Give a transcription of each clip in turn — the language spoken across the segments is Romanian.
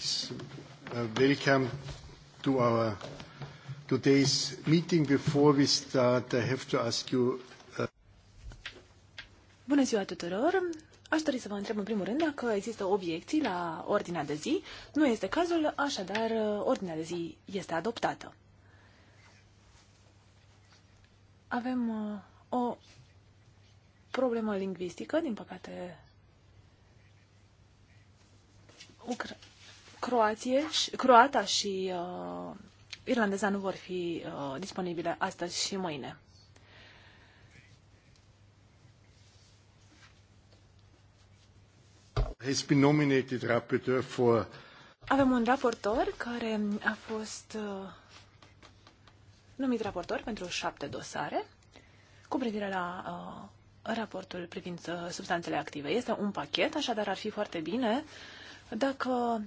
Uh, welcome to our today's meeting. Before we start, I have to ask you. Uh, Bună ziua tuturor! Aș dori să vă întreb în primul rând dacă există obiecții la ordinea de zi. Nu este cazul, așadar uh, ordinea de zi este adoptată. Avem o problemă lingvistică, din păcate Ucra- Croație, croata și uh, irlandeza nu vor fi uh, disponibile astăzi și mâine. Has been nominated rapporteur for... Avem un raportor care a fost uh, numit raportor pentru șapte dosare cu privire la uh, raportul privind uh, substanțele active. Este un pachet, așadar ar fi foarte bine dacă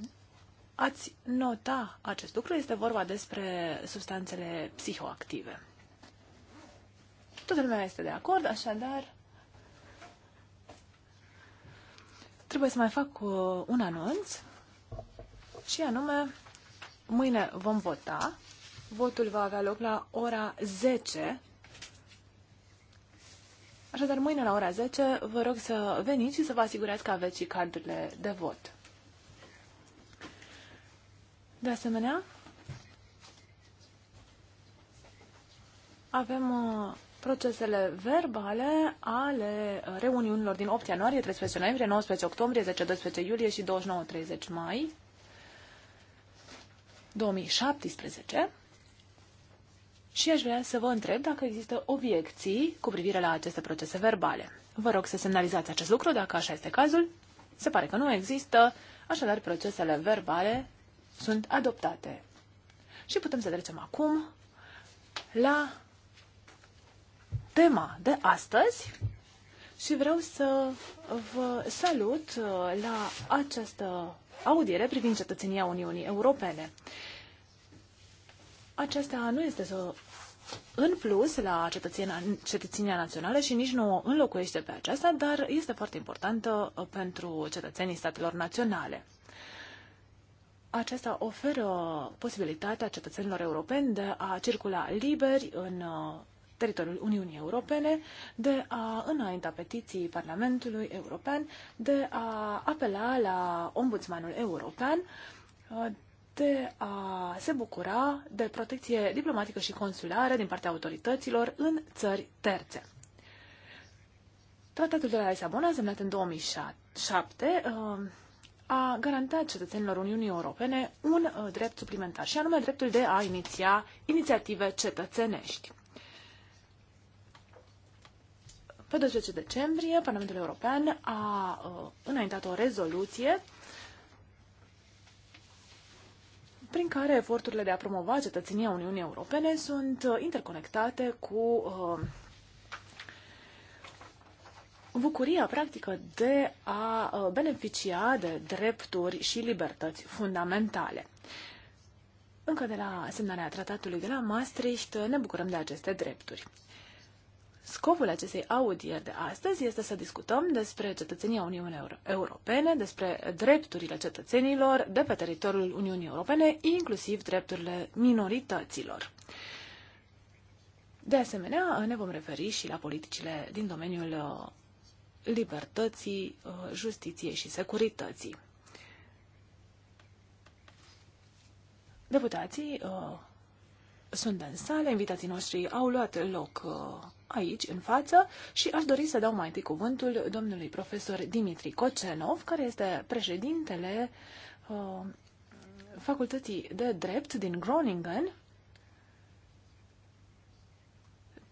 ați nota acest lucru. Este vorba despre substanțele psihoactive. Toată lumea este de acord, așadar trebuie să mai fac uh, un anunț și anume mâine vom vota. Votul va avea loc la ora 10. Așadar, mâine la ora 10 vă rog să veniți și să vă asigurați că aveți și cardurile de vot. De asemenea, avem uh, procesele verbale ale uh, reuniunilor din 8 ianuarie, 13 noiembrie, 19 octombrie, 10-12 iulie și 29-30 mai 2017. Și aș vrea să vă întreb dacă există obiecții cu privire la aceste procese verbale. Vă rog să semnalizați acest lucru dacă așa este cazul. Se pare că nu există, așadar procesele verbale sunt adoptate. Și putem să trecem acum la tema de astăzi și vreau să vă salut uh, la această audiere privind cetățenia Uniunii Europene. Aceasta nu este să în plus la cetățenia, cetățenia națională și nici nu o înlocuiește pe aceasta, dar este foarte importantă uh, pentru cetățenii statelor naționale. Acesta oferă posibilitatea cetățenilor europeni de a circula liberi în uh, teritoriul Uniunii Europene, de a înainta petiții Parlamentului European, de a apela la Ombudsmanul European, uh, de a se bucura de protecție diplomatică și consulară din partea autorităților în țări terțe. Tratatul de la Lisabona, semnat în 2007, a garanta cetățenilor Uniunii Europene un uh, drept suplimentar, și anume dreptul de a iniția inițiative cetățenești. Pe 12 decembrie, Parlamentul European a uh, înaintat o rezoluție prin care eforturile de a promova cetățenia Uniunii Europene sunt uh, interconectate cu uh, bucuria practică de a uh, beneficia de drepturi și libertăți fundamentale. Încă de la semnarea tratatului de la Maastricht ne bucurăm de aceste drepturi. Scopul acestei audieri de astăzi este să discutăm despre cetățenia Uniunii Europene, despre drepturile cetățenilor de pe teritoriul Uniunii Europene, inclusiv drepturile minorităților. De asemenea, ne vom referi și la politicile din domeniul uh, libertății, uh, justiției și securității. Deputații uh, sunt în sală, invitații noștri au luat loc uh, aici, în față, și aș dori să dau mai întâi cuvântul domnului profesor Dimitri Kocenov, care este președintele uh, Facultății de Drept din Groningen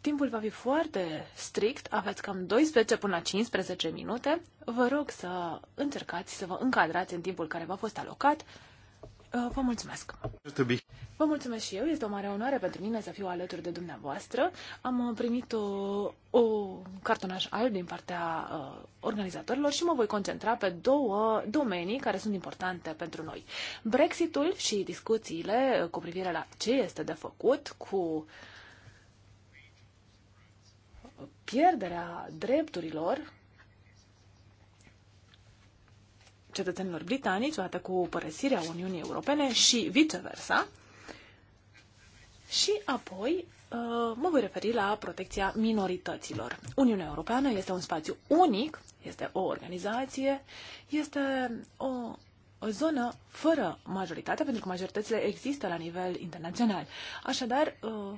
Timpul va fi foarte strict, aveți cam 12 până la 15 minute. Vă rog să încercați să vă încadrați în timpul care v-a fost alocat. Uh, vă mulțumesc! Vă mulțumesc și eu, este o mare onoare pentru mine să fiu alături de dumneavoastră. Am primit o, o cartonaș alb din partea uh, organizatorilor și mă voi concentra pe două domenii care sunt importante pentru noi. Brexitul și discuțiile cu privire la ce este de făcut cu uh, pierderea drepturilor cetățenilor britanici, odată cu părăsirea Uniunii Europene și viceversa. Și apoi uh, mă voi referi la protecția minorităților. Uniunea Europeană este un spațiu unic, este o organizație, este o o zonă fără majoritate, pentru că majoritățile există la nivel internațional. Așadar, uh,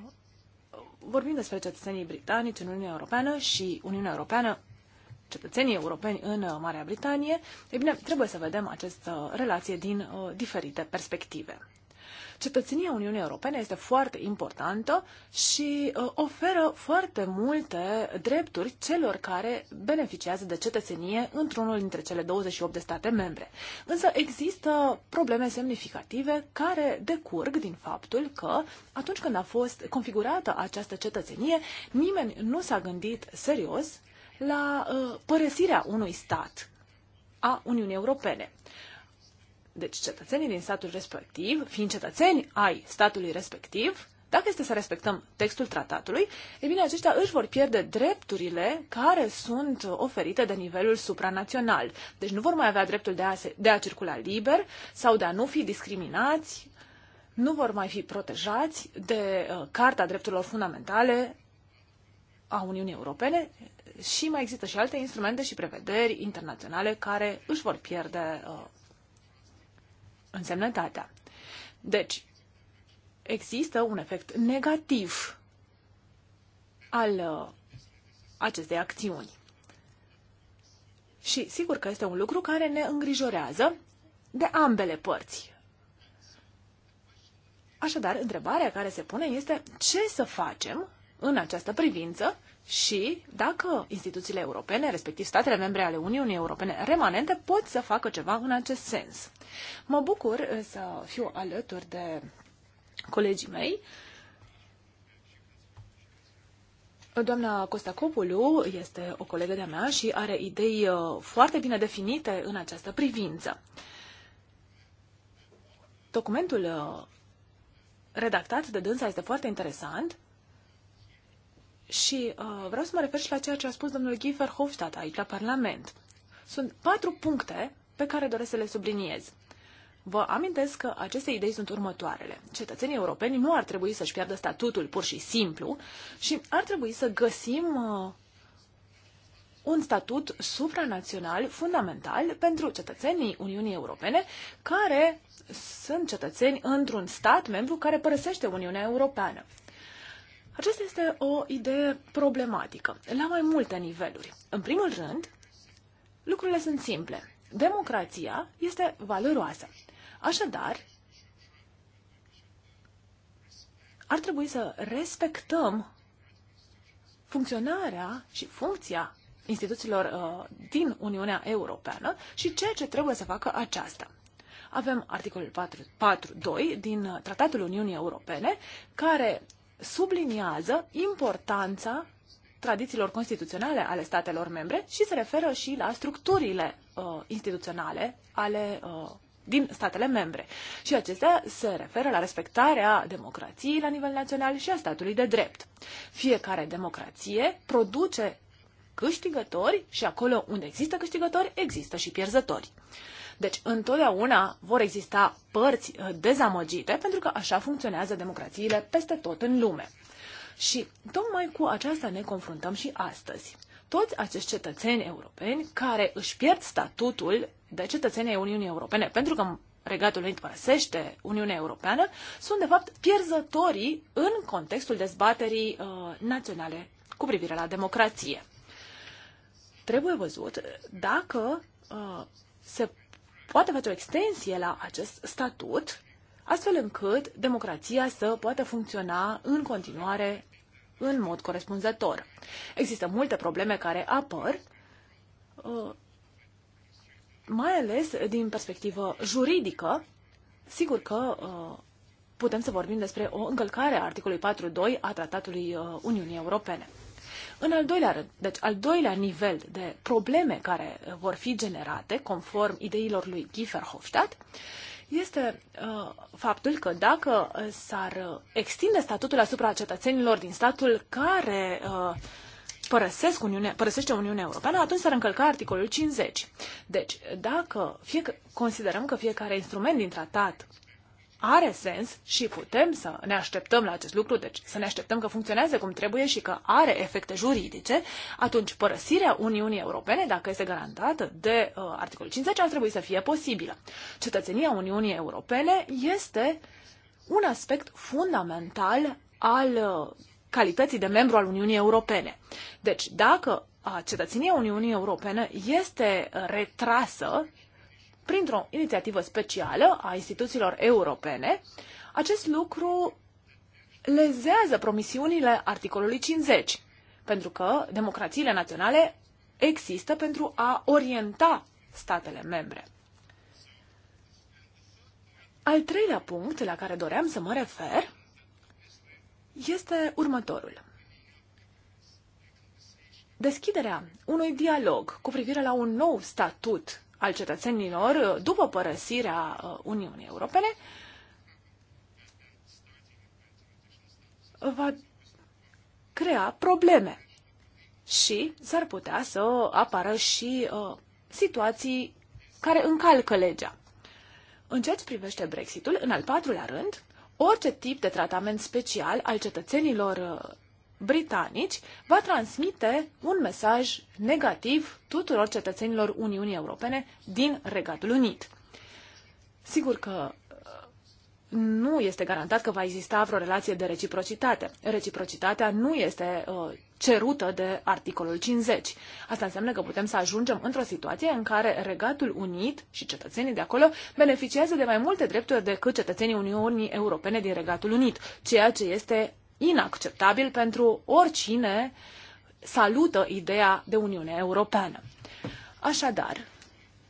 vorbim despre cetățenii britanici în Uniunea Europeană și Uniunea Europeană, cetățenii europeni în uh, Marea Britanie, e bine, trebuie să vedem această relație din uh, diferite perspective cetățenia Uniunii Europene este foarte importantă și uh, oferă foarte multe drepturi celor care beneficiază de cetățenie într-unul dintre cele 28 de state membre. Însă există probleme semnificative care decurg din faptul că atunci când a fost configurată această cetățenie, nimeni nu s-a gândit serios la uh, părăsirea unui stat a Uniunii Europene. Deci cetățenii din statul respectiv, fiind cetățeni ai statului respectiv, dacă este să respectăm textul tratatului, e bine, aceștia își vor pierde drepturile care sunt oferite de nivelul supranațional. Deci nu vor mai avea dreptul de a, se, de a circula liber sau de a nu fi discriminați, nu vor mai fi protejați de uh, Carta Drepturilor Fundamentale a Uniunii Europene și mai există și alte instrumente și prevederi internaționale care își vor pierde uh, însemnătatea. Deci, există un efect negativ al uh, acestei acțiuni. Și sigur că este un lucru care ne îngrijorează de ambele părți. Așadar, întrebarea care se pune este ce să facem în această privință și dacă instituțiile europene, respectiv statele membre ale Uniunii Europene remanente, pot să facă ceva în acest sens. Mă bucur uh, să fiu alături de colegii mei. Doamna Costa Copulu este o colegă de-a mea și are idei uh, foarte bine definite în această privință. Documentul uh, redactat de dânsa este foarte interesant și uh, vreau să mă refer și la ceea ce a spus domnul Giefer, Hofstadt aici, la Parlament. Sunt patru puncte pe care doresc să le subliniez. Vă amintesc că aceste idei sunt următoarele. Cetățenii europeni nu ar trebui să-și piardă statutul pur și simplu și ar trebui să găsim uh, un statut supranațional fundamental pentru cetățenii Uniunii Europene care sunt cetățeni într-un stat membru care părăsește Uniunea Europeană. Aceasta este o idee problematică, la mai multe niveluri. În primul rând, lucrurile sunt simple. Democrația este valoroasă. Așadar, ar trebui să respectăm funcționarea și funcția instituțiilor uh, din Uniunea Europeană și ceea ce trebuie să facă aceasta. Avem articolul 4.2 din uh, Tratatul Uniunii Europene, care subliniază importanța tradițiilor constituționale ale statelor membre și se referă și la structurile uh, instituționale ale uh, din statele membre. Și acestea se referă la respectarea democrației la nivel național și a statului de drept. Fiecare democrație produce câștigători și acolo unde există câștigători, există și pierzători. Deci întotdeauna vor exista părți uh, dezamăgite pentru că așa funcționează democrațiile peste tot în lume. Și tocmai cu aceasta ne confruntăm și astăzi. Toți acești cetățeni europeni care își pierd statutul de cetățeni ai Uniunii Europene pentru că Regatul Unit părăsește Uniunea Europeană, sunt de fapt pierzătorii în contextul dezbaterii uh, naționale cu privire la democrație. Trebuie văzut dacă uh, se poate face o extensie la acest statut, astfel încât democrația să poată funcționa în continuare în mod corespunzător. Există multe probleme care apar, uh, mai ales din perspectivă juridică. Sigur că uh, putem să vorbim despre o încălcare a articolului 4.2 a Tratatului uh, Uniunii Europene. În al doilea rând, deci al doilea nivel de probleme care uh, vor fi generate conform ideilor lui Giefer Hofstadt este uh, faptul că dacă uh, s-ar uh, extinde statutul asupra cetățenilor din statul care uh, părăsesc Uniune, părăsește Uniunea Europeană, atunci s-ar încălca articolul 50. Deci, dacă fie, considerăm că fiecare instrument din tratat are sens și putem să ne așteptăm la acest lucru, deci să ne așteptăm că funcționează cum trebuie și că are efecte juridice, atunci părăsirea Uniunii Europene, dacă este garantată de uh, articolul 50, ar trebui să fie posibilă. Cetățenia Uniunii Europene este un aspect fundamental al uh, calității de membru al Uniunii Europene. Deci, dacă cetățenia Uniunii Europene este uh, retrasă printr-o inițiativă specială a instituțiilor europene, acest lucru lezează promisiunile articolului 50, pentru că democrațiile naționale există pentru a orienta statele membre. Al treilea punct la care doream să mă refer este următorul. Deschiderea unui dialog cu privire la un nou statut al cetățenilor după părăsirea uh, Uniunii Europene va crea probleme și s-ar putea să apară și uh, situații care încalcă legea. În ceea ce privește Brexitul, în al patrulea rând, orice tip de tratament special al cetățenilor uh, britanici va transmite un mesaj negativ tuturor cetățenilor Uniunii Europene din Regatul Unit. Sigur că uh, nu este garantat că va exista vreo relație de reciprocitate. Reciprocitatea nu este uh, cerută de articolul 50. Asta înseamnă că putem să ajungem într-o situație în care Regatul Unit și cetățenii de acolo beneficiază de mai multe drepturi decât cetățenii Uniunii Europene din Regatul Unit, ceea ce este inacceptabil pentru oricine salută ideea de Uniune Europeană. Așadar,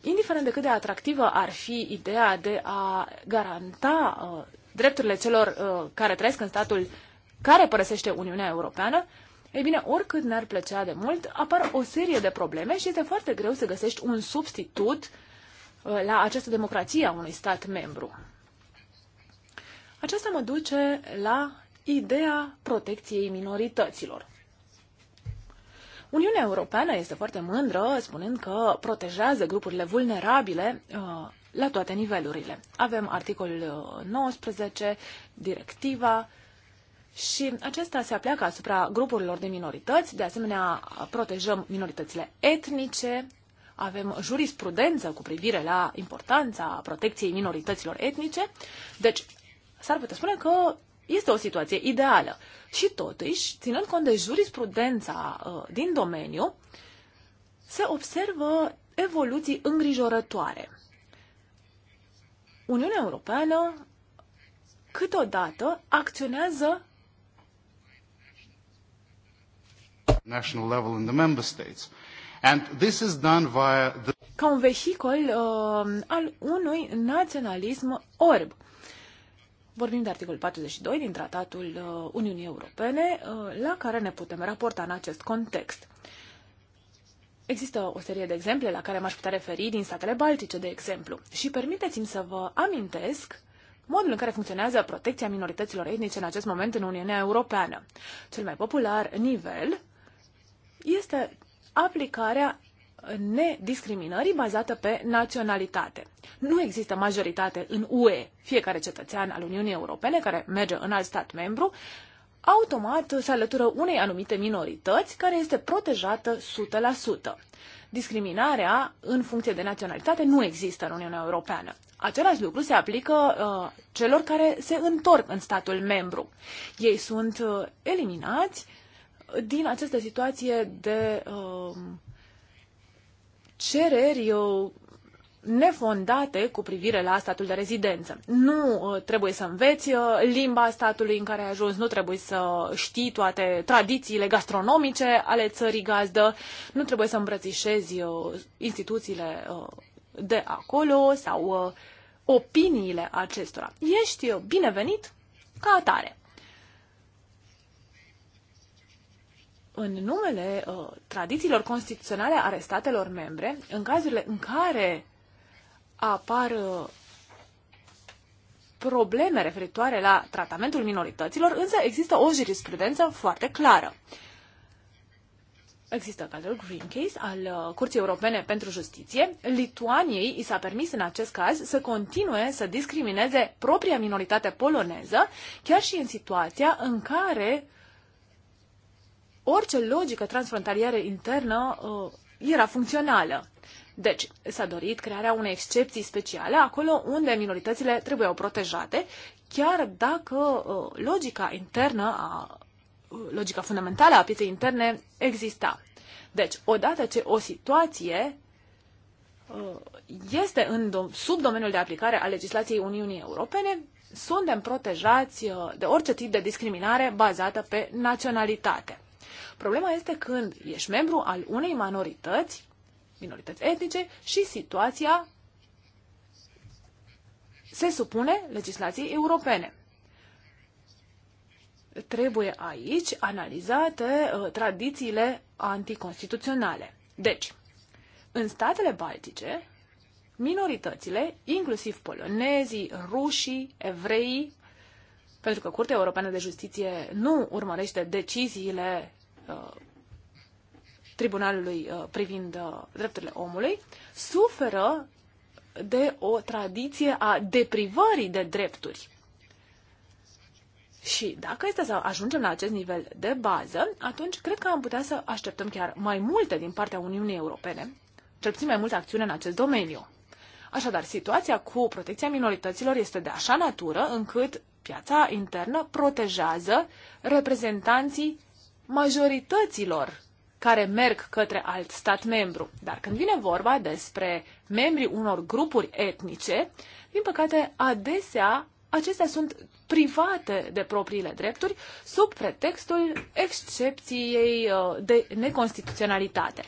indiferent de cât de atractivă ar fi ideea de a garanta uh, drepturile celor uh, care trăiesc în statul care părăsește Uniunea Europeană, ei bine, oricât ne-ar plăcea de mult, apar o serie de probleme și este foarte greu să găsești un substitut uh, la această democrație a unui stat membru. Aceasta mă duce la ideea protecției minorităților. Uniunea Europeană este foarte mândră spunând că protejează grupurile vulnerabile uh, la toate nivelurile. Avem articolul 19, uh, directiva și acesta se apleacă asupra grupurilor de minorități. De asemenea, protejăm minoritățile etnice, avem jurisprudență cu privire la importanța protecției minorităților etnice. Deci, s-ar putea spune că este o situație ideală. Și totuși, ținând cont de jurisprudența uh, din domeniu, se observă evoluții îngrijorătoare. Uniunea Europeană câteodată acționează ca un vehicol uh, al unui naționalism orb. Uh, Vorbim de articolul 42 din Tratatul uh, Uniunii Europene, uh, la care ne putem raporta în acest context. Există o serie de exemple la care m-aș putea referi din statele baltice, de exemplu. Și permiteți-mi să vă amintesc modul în care funcționează protecția minorităților etnice în acest moment în Uniunea Europeană. Cel mai popular nivel este aplicarea nediscriminării bazată pe naționalitate. Nu există majoritate în UE. Fiecare cetățean al Uniunii Europene care merge în alt stat membru automat se alătură unei anumite minorități care este protejată 100%. Discriminarea în funcție de naționalitate nu există în Uniunea Europeană. Același lucru se aplică uh, celor care se întorc în statul membru. Ei sunt uh, eliminați din această situație de uh, cereri uh, nefondate cu privire la statul de rezidență. Nu uh, trebuie să înveți uh, limba statului în care ai ajuns, nu trebuie să știi toate tradițiile gastronomice ale țării gazdă, nu trebuie să îmbrățișezi instituțiile de acolo sau opiniile acestora. Ești binevenit ca atare. în numele uh, tradițiilor constituționale ale statelor membre, în cazurile în care apar uh, probleme referitoare la tratamentul minorităților, însă există o jurisprudență foarte clară. Există cazul Green Case al uh, Curții Europene pentru Justiție. Lituaniei i s-a permis în acest caz să continue să discrimineze propria minoritate poloneză, chiar și în situația în care orice logică transfrontalieră internă uh, era funcțională. Deci, s-a dorit crearea unei excepții speciale acolo unde minoritățile trebuiau protejate, chiar dacă uh, logica internă, a, uh, logica fundamentală a pieței interne exista. Deci, odată ce o situație uh, este în sub domeniul de aplicare a legislației Uniunii Europene, suntem protejați uh, de orice tip de discriminare bazată pe naționalitate. Problema este când ești membru al unei minorități, minorități etnice, și situația se supune legislației europene. Trebuie aici analizate uh, tradițiile anticonstituționale. Deci, în statele baltice, minoritățile, inclusiv polonezii, rușii, evreii, pentru că Curtea Europeană de Justiție nu urmărește deciziile Uh, tribunalului uh, privind uh, drepturile omului, suferă de o tradiție a deprivării de drepturi. Și dacă este să ajungem la acest nivel de bază, atunci cred că am putea să așteptăm chiar mai multe din partea Uniunii Europene, cel puțin mai multă acțiune în acest domeniu. Așadar, situația cu protecția minorităților este de așa natură încât piața internă protejează reprezentanții majorităților care merg către alt stat membru. Dar când vine vorba despre membrii unor grupuri etnice, din păcate, adesea acestea sunt private de propriile drepturi sub pretextul excepției uh, de neconstituționalitate.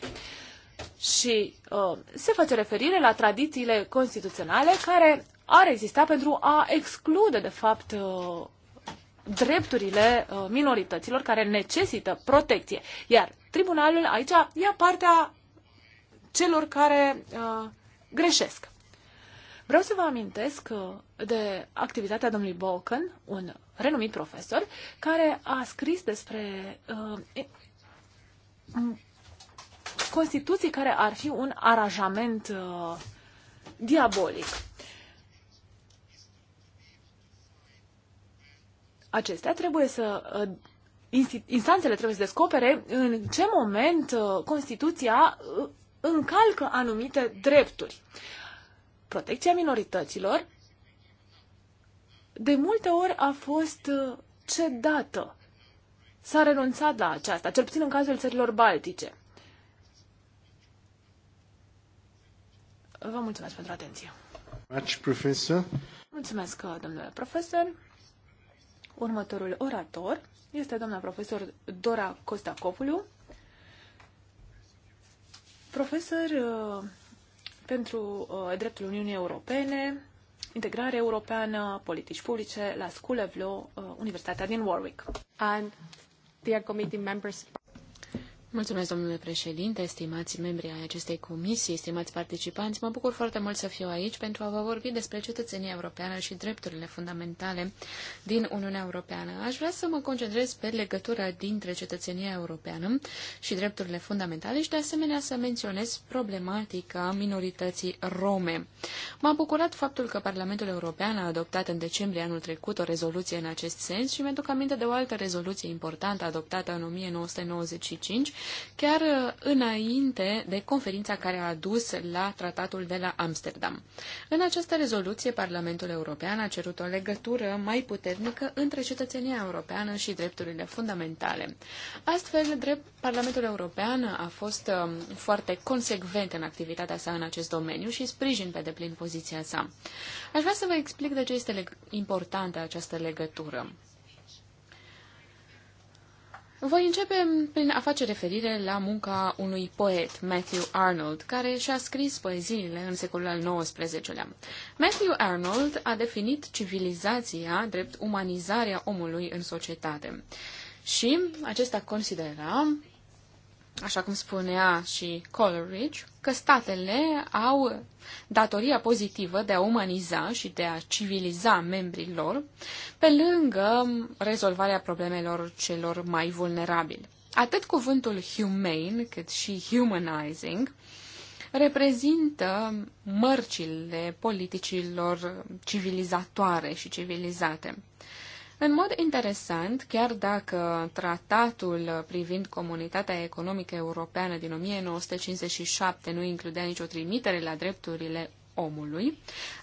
Și uh, se face referire la tradițiile constituționale care ar exista pentru a exclude, de fapt, uh, drepturile uh, minorităților care necesită protecție. Iar tribunalul aici ia partea celor care uh, greșesc. Vreau să vă amintesc uh, de activitatea domnului Balkan, un renumit profesor, care a scris despre uh, constituții care ar fi un aranjament uh, diabolic. acestea, trebuie să uh, instanțele trebuie să descopere în ce moment uh, Constituția uh, încalcă anumite drepturi. Protecția minorităților de multe ori a fost cedată. S-a renunțat la aceasta, cel puțin în cazul țărilor baltice. Vă mulțumesc pentru atenție. Mulțumesc, domnule profesor. Următorul orator este doamna profesor Dora Costacopulu, profesor uh, pentru uh, dreptul Uniunii Europene, integrare europeană, politici publice la School of Law, uh, Universitatea din Warwick. And dear committee members. Mulțumesc, domnule președinte, stimați membri ai acestei comisii, stimați participanți. Mă bucur foarte mult să fiu aici pentru a vă vorbi despre cetățenia europeană și drepturile fundamentale din Uniunea Europeană. Aș vrea să mă concentrez pe legătura dintre cetățenia europeană și drepturile fundamentale și, de asemenea, să menționez problematica minorității rome. M-a bucurat faptul că Parlamentul European a adoptat în decembrie anul trecut o rezoluție în acest sens și mi-aduc aminte de o altă rezoluție importantă adoptată în 1995 chiar uh, înainte de conferința care a adus la tratatul de la Amsterdam. În această rezoluție, Parlamentul European a cerut o legătură mai puternică între cetățenia europeană și drepturile fundamentale. Astfel, drept, Parlamentul European a fost um, foarte consecvent în activitatea sa în acest domeniu și sprijin pe deplin poziția sa. Aș vrea să vă explic de ce este importantă această legătură. Voi începe prin a face referire la munca unui poet, Matthew Arnold, care și-a scris poeziile în secolul al XIX-lea. Matthew Arnold a definit civilizația drept umanizarea omului în societate. Și acesta considera așa cum spunea și Coleridge, că statele au datoria pozitivă de a umaniza și de a civiliza membrii lor, pe lângă rezolvarea problemelor celor mai vulnerabili. Atât cuvântul humane cât și humanizing reprezintă mărcile politicilor civilizatoare și civilizate. În mod interesant, chiar dacă tratatul privind comunitatea economică europeană din 1957 nu includea nicio trimitere la drepturile omului,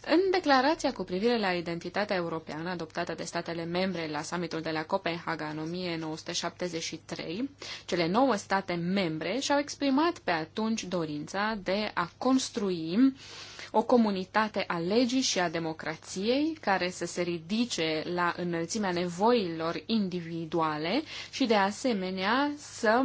în declarația cu privire la identitatea europeană adoptată de statele membre la summitul de la Copenhaga în 1973, cele nouă state membre și-au exprimat pe atunci dorința de a construi uh, o comunitate a legii și a democrației care să se ridice la înălțimea nevoilor individuale și de asemenea să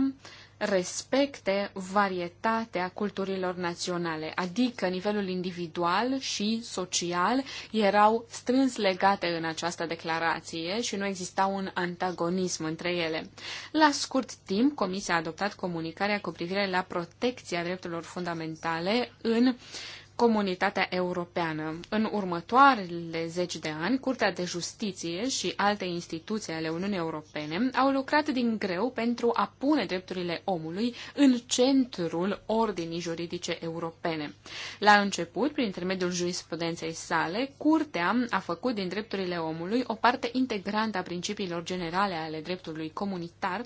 respecte varietatea culturilor naționale, adică nivelul individual și social erau strâns legate în această declarație și nu exista un antagonism între ele. La scurt timp, Comisia a adoptat comunicarea cu privire la protecția drepturilor fundamentale în uh, comunitatea europeană. În următoarele zeci de ani, Curtea de Justiție și alte instituții ale Uniunii Europene au lucrat din greu pentru a pune drepturile omului în centrul ordinii juridice europene. La început, prin intermediul jurisprudenței sale, Curtea a făcut din drepturile omului o parte integrantă a principiilor generale ale dreptului comunitar,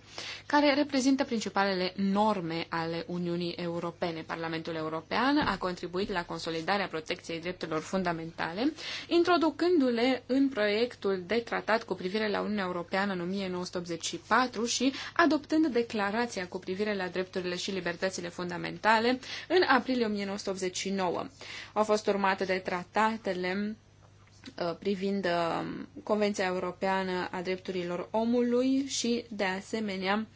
care reprezintă principalele norme ale Uniunii Europene. Parlamentul European a contribuit la consolidarea protecției drepturilor fundamentale, introducându-le în proiectul de tratat cu privire la Uniunea Europeană în 1984 și adoptând declarația cu privire la drepturile și libertățile fundamentale în aprilie 1989. Au fost urmate de tratatele uh, privind uh, Convenția Europeană a Drepturilor Omului și, de asemenea,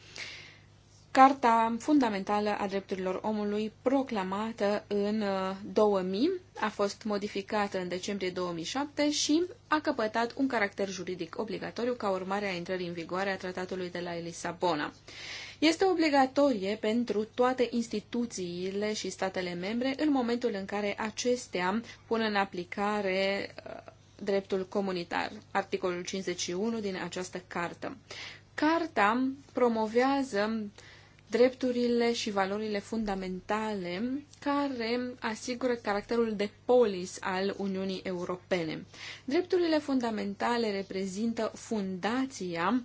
Carta fundamentală a drepturilor omului, proclamată în uh, 2000, a fost modificată în decembrie 2007 și a căpătat un caracter juridic obligatoriu ca urmare a intrării în vigoare a tratatului de la Elisabona. Este obligatorie pentru toate instituțiile și statele membre în momentul în care acestea pun în aplicare uh, dreptul comunitar, articolul 51 din această cartă. Carta promovează uh, drepturile și valorile fundamentale care asigură caracterul de polis al Uniunii Europene. Drepturile fundamentale reprezintă fundația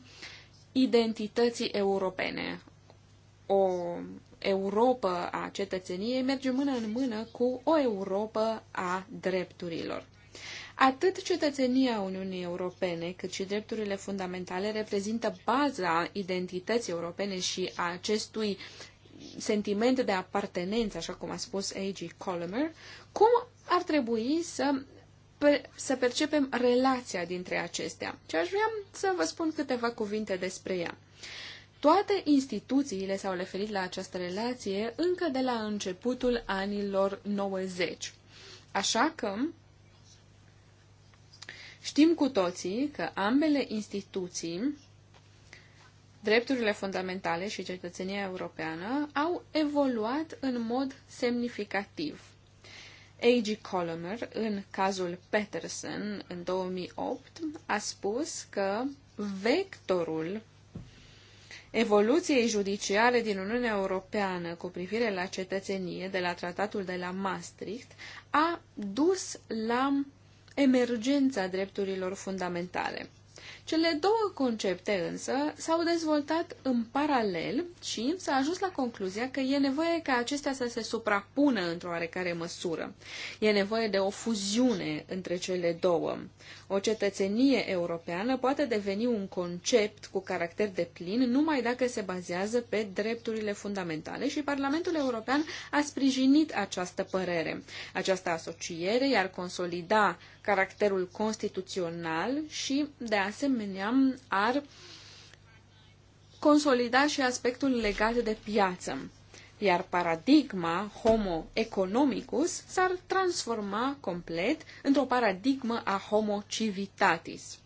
identității europene. O Europa a cetățeniei merge mână în mână cu o Europa a drepturilor. Atât cetățenia Uniunii Europene, cât și drepturile fundamentale reprezintă baza identității europene și a acestui sentiment de apartenență, așa cum a spus A.G. Colomer, cum ar trebui să să percepem relația dintre acestea. Și aș vrea să vă spun câteva cuvinte despre ea. Toate instituțiile s-au referit la această relație încă de la începutul anilor 90. Așa că Știm cu toții că ambele instituții, drepturile fundamentale și cetățenia europeană, au evoluat în mod semnificativ. A.G. Colomer, în cazul Peterson, în 2008, a spus că vectorul evoluției judiciare din Uniunea Europeană cu privire la cetățenie de la tratatul de la Maastricht a dus la emergența drepturilor fundamentale. Cele două concepte însă s-au dezvoltat în paralel și s-a ajuns la concluzia că e nevoie ca acestea să se suprapună într-o oarecare măsură. E nevoie de o fuziune între cele două. O cetățenie europeană poate deveni un concept cu caracter de plin numai dacă se bazează pe drepturile fundamentale și Parlamentul European a sprijinit această părere. Această asociere iar consolida caracterul constituțional și, de asemenea, ar consolida și aspectul legat de piață. Iar paradigma homo economicus s-ar transforma complet într-o paradigmă a homo civitatis.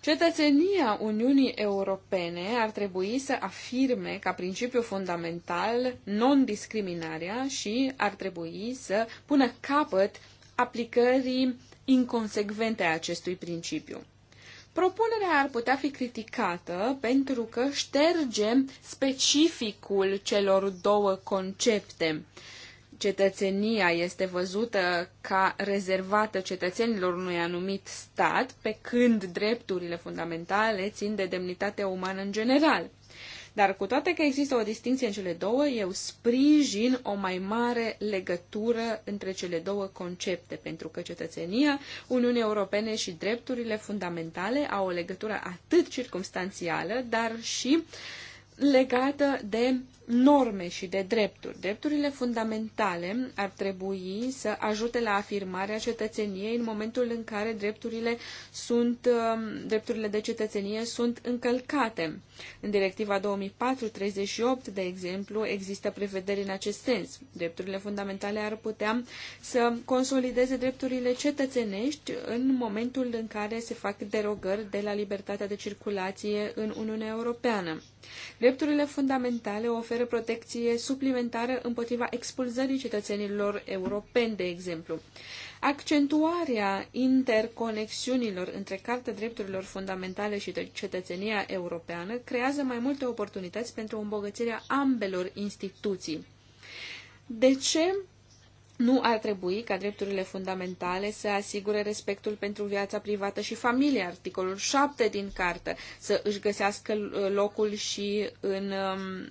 Cetățenia Uniunii Europene ar trebui să afirme ca principiu fundamental non-discriminarea și ar trebui să pună capăt aplicării inconsecvente a acestui principiu. Propunerea ar putea fi criticată pentru că șterge specificul celor două concepte. Cetățenia este văzută ca rezervată cetățenilor unui anumit stat, pe când drepturile fundamentale țin de demnitatea umană în general. Dar cu toate că există o distinție în cele două, eu sprijin o mai mare legătură între cele două concepte, pentru că cetățenia Uniunii Europene și drepturile fundamentale au o legătură atât circumstanțială, dar și legată de norme și de drepturi. Drepturile fundamentale ar trebui să ajute la afirmarea cetățeniei în momentul în care drepturile, sunt, um, drepturile de cetățenie sunt încălcate. În directiva 2004-38, de exemplu, există prevederi în acest sens. Drepturile fundamentale ar putea să consolideze drepturile cetățenești în momentul în care se fac derogări de la libertatea de circulație în Uniunea Europeană. Drepturile fundamentale oferă oferă protecție suplimentară împotriva expulzării cetățenilor europeni, de exemplu. Accentuarea interconexiunilor între Cartea Drepturilor Fundamentale și cetățenia europeană creează mai multe oportunități pentru îmbogățirea ambelor instituții. De ce nu ar trebui ca drepturile fundamentale să asigure respectul pentru viața privată și familie, articolul 7 din cartă, să își găsească locul și în um,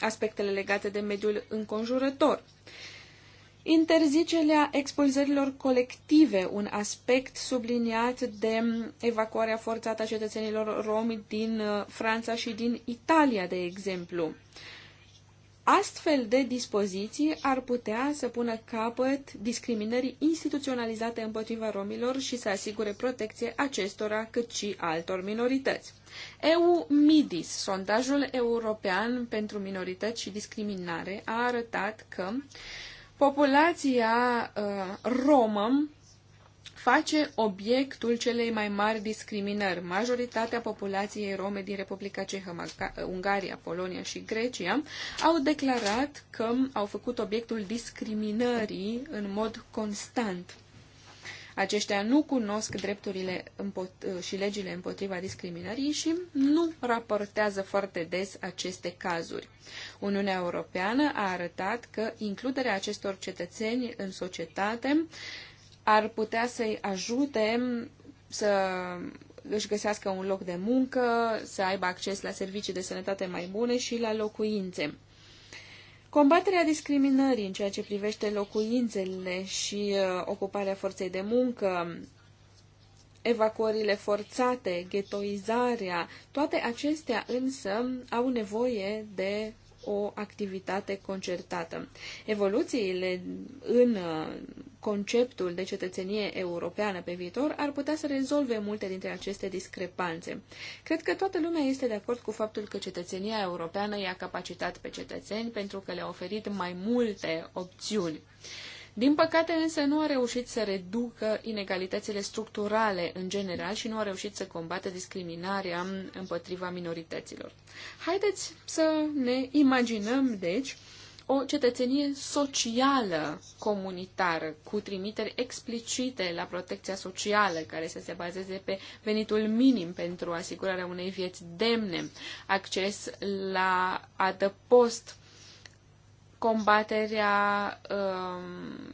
aspectele legate de mediul înconjurător. Interzicerea expulzărilor colective, un aspect subliniat de evacuarea forțată a cetățenilor romi din uh, Franța și din Italia, de exemplu. Astfel de dispoziții ar putea să pună capăt discriminării instituționalizate împotriva romilor și să asigure protecție acestora cât și altor minorități. EU-MIDIS, sondajul european pentru minorități și discriminare, a arătat că populația uh, romă face obiectul celei mai mari discriminări. Majoritatea populației rome din Republica Cehă, Ungaria, Polonia și Grecia au declarat că au făcut obiectul discriminării în mod constant. Aceștia nu cunosc drepturile și legile împotriva discriminării și nu raportează foarte des aceste cazuri. Uniunea Europeană a arătat că includerea acestor cetățeni în societate ar putea să-i ajute să își găsească un loc de muncă, să aibă acces la servicii de sănătate mai bune și la locuințe. Combaterea discriminării în ceea ce privește locuințele și uh, ocuparea forței de muncă, evacuările forțate, ghetoizarea, toate acestea însă au nevoie de o activitate concertată. Evoluțiile în uh, conceptul de cetățenie europeană pe viitor ar putea să rezolve multe dintre aceste discrepanțe. Cred că toată lumea este de acord cu faptul că cetățenia europeană i-a capacitat pe cetățeni pentru că le-a oferit mai multe opțiuni. Din păcate însă nu a reușit să reducă inegalitățile structurale în general și nu a reușit să combată discriminarea împotriva minorităților. Haideți să ne imaginăm, deci, o cetățenie socială comunitară, cu trimiteri explicite la protecția socială, care să se bazeze pe venitul minim pentru asigurarea unei vieți demne, acces la adăpost, combaterea um,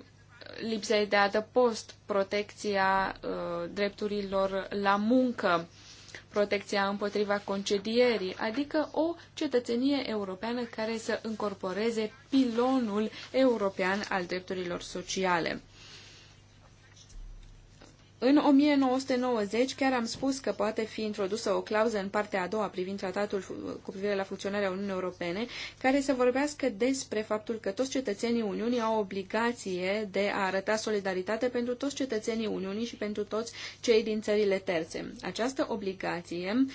lipsei de adăpost, protecția uh, drepturilor la muncă, protecția împotriva concedierii, adică o cetățenie europeană care să încorporeze pilonul european al drepturilor sociale. În 1990 chiar am spus că poate fi introdusă o clauză în partea a doua privind tratatul cu privire la funcționarea Uniunii Europene, care să vorbească despre faptul că toți cetățenii Uniunii au obligație de a arăta solidaritate pentru toți cetățenii Uniunii și pentru toți cei din țările terțe. Această obligație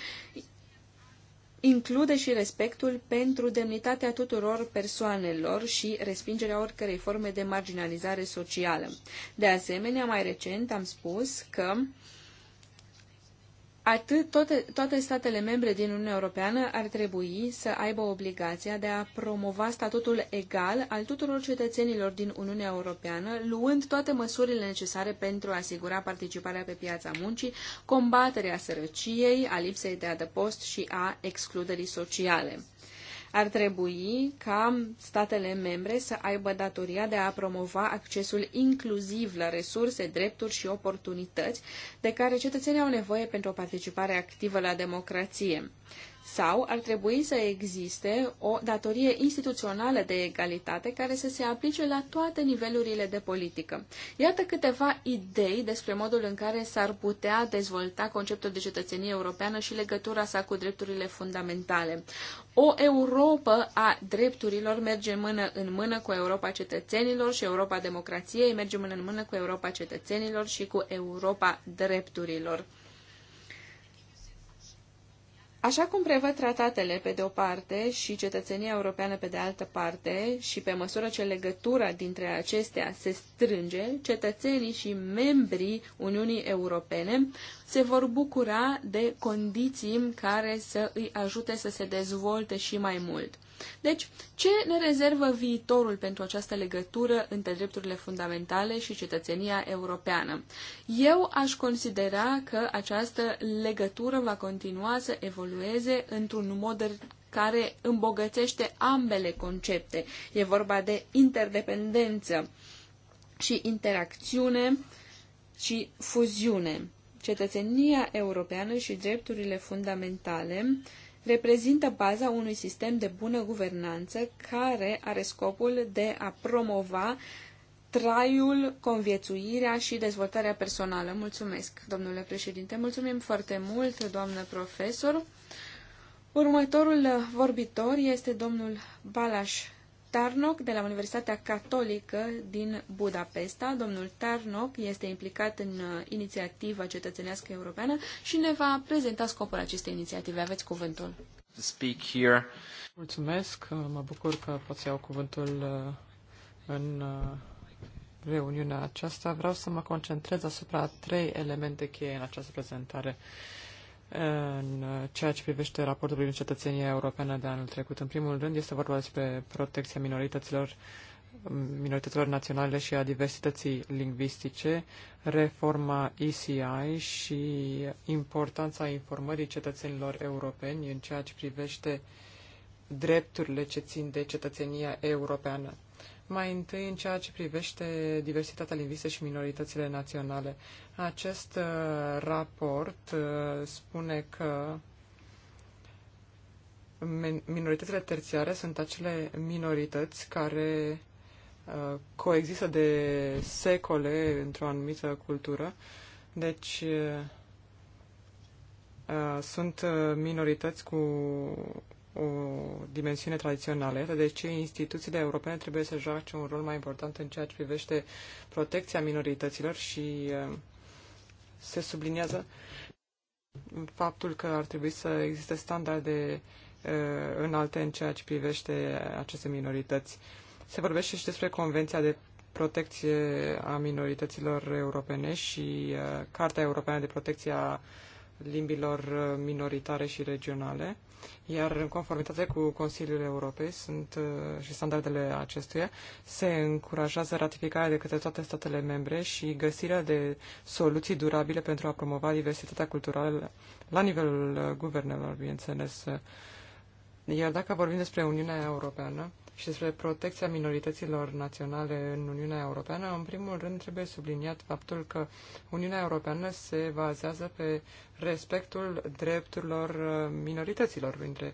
include și respectul pentru demnitatea tuturor persoanelor și respingerea oricărei forme de marginalizare socială. De asemenea, mai recent am spus că uh, atât toate, toate statele membre din Uniunea Europeană ar trebui să aibă obligația de a promova statutul egal al tuturor cetățenilor din Uniunea Europeană, luând toate măsurile necesare pentru a asigura participarea pe piața muncii, combaterea sărăciei, a lipsei de adăpost și a excluderii sociale ar trebui ca statele membre să aibă datoria de a promova accesul inclusiv la resurse, drepturi și oportunități de care cetățenii au nevoie pentru o participare activă la democrație sau ar trebui să existe o datorie instituțională de egalitate care să se aplice la toate nivelurile de politică. Iată câteva idei despre modul în care s-ar putea dezvolta conceptul de cetățenie europeană și legătura sa cu drepturile fundamentale. O Europa a drepturilor merge mână în mână cu Europa cetățenilor și Europa democrației, merge mână în mână cu Europa cetățenilor și cu Europa drepturilor. Așa cum prevăd tratatele pe de o parte și cetățenia europeană pe de altă parte și pe măsură ce legătura dintre acestea se strânge, cetățenii și membrii Uniunii Europene se vor bucura de condiții care să îi ajute să se dezvolte și mai mult. Deci, ce ne rezervă viitorul pentru această legătură între drepturile fundamentale și cetățenia europeană? Eu aș considera că această legătură va continua să evolueze într-un mod care îmbogățește ambele concepte. E vorba de interdependență și interacțiune și fuziune. Cetățenia europeană și drepturile fundamentale uh, reprezintă baza unui sistem de bună guvernanță care are scopul de a promova traiul, conviețuirea și dezvoltarea personală. Mulțumesc, domnule președinte. Mulțumim foarte mult, doamnă profesor. Următorul vorbitor este domnul Balaș Tarnok, de la Universitatea Catolică din Budapesta. Domnul Tarnok, este implicat în uh, inițiativa cetățenească europeană și ne va prezenta scopul acestei inițiative. Aveți cuvântul. Speak here. Mulțumesc, uh, mă bucur că pot să iau cuvântul uh, în reuniunea aceasta. Vreau să mă concentrez asupra trei elemente cheie în această prezentare în ceea ce privește raportul privind cetățenia europeană de anul trecut. În primul rând este vorba despre protecția minorităților minorităților naționale și a diversității lingvistice, reforma ECI și importanța informării cetățenilor europeni în ceea ce privește drepturile ce țin de cetățenia europeană. Mai întâi, în ceea ce privește diversitatea lingvistică și minoritățile naționale, acest uh, raport uh, spune că minoritățile terțiare sunt acele minorități care uh, coexistă de secole într-o anumită cultură. Deci, uh, uh, sunt uh, minorități cu o dimensiune tradițională. Iată de ce instituțiile europene trebuie să joace un rol mai important în ceea ce privește protecția minorităților și se subliniază faptul că ar trebui să existe standarde înalte în ceea ce privește aceste minorități. Se vorbește și despre Convenția de protecție a minorităților europene și Carta Europeană de protecție a limbilor uh, minoritare și regionale, iar în conformitate cu Consiliul Europei sunt, uh, și standardele acestuia, se încurajează ratificarea de către toate statele membre și găsirea de soluții durabile pentru a promova diversitatea culturală la nivelul uh, guvernelor, bineînțeles. Iar dacă vorbim despre Uniunea Europeană, și despre protecția minorităților naționale în Uniunea Europeană, în primul rând trebuie subliniat faptul că Uniunea Europeană se bazează pe respectul drepturilor uh, minorităților, printre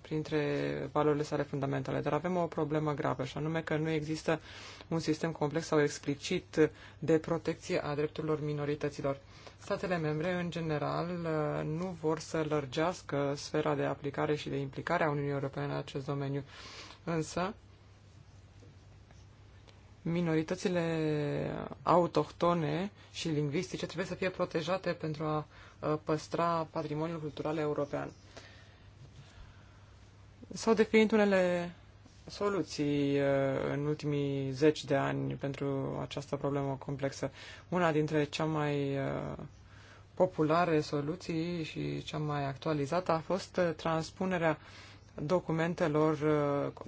printre valorile sale fundamentale, dar avem o problemă gravă, și anume că nu există un sistem complex sau explicit de protecție a drepturilor minorităților. Statele membre, în general, uh, nu vor să lărgească sfera de aplicare și de implicare a Uniunii Europene în acest domeniu. Însă, minoritățile autohtone și lingvistice trebuie să fie protejate pentru a păstra patrimoniul cultural european. S-au definit unele soluții în ultimii zeci de ani pentru această problemă complexă. Una dintre cea mai populare soluții și cea mai actualizată a fost transpunerea uh, documentelor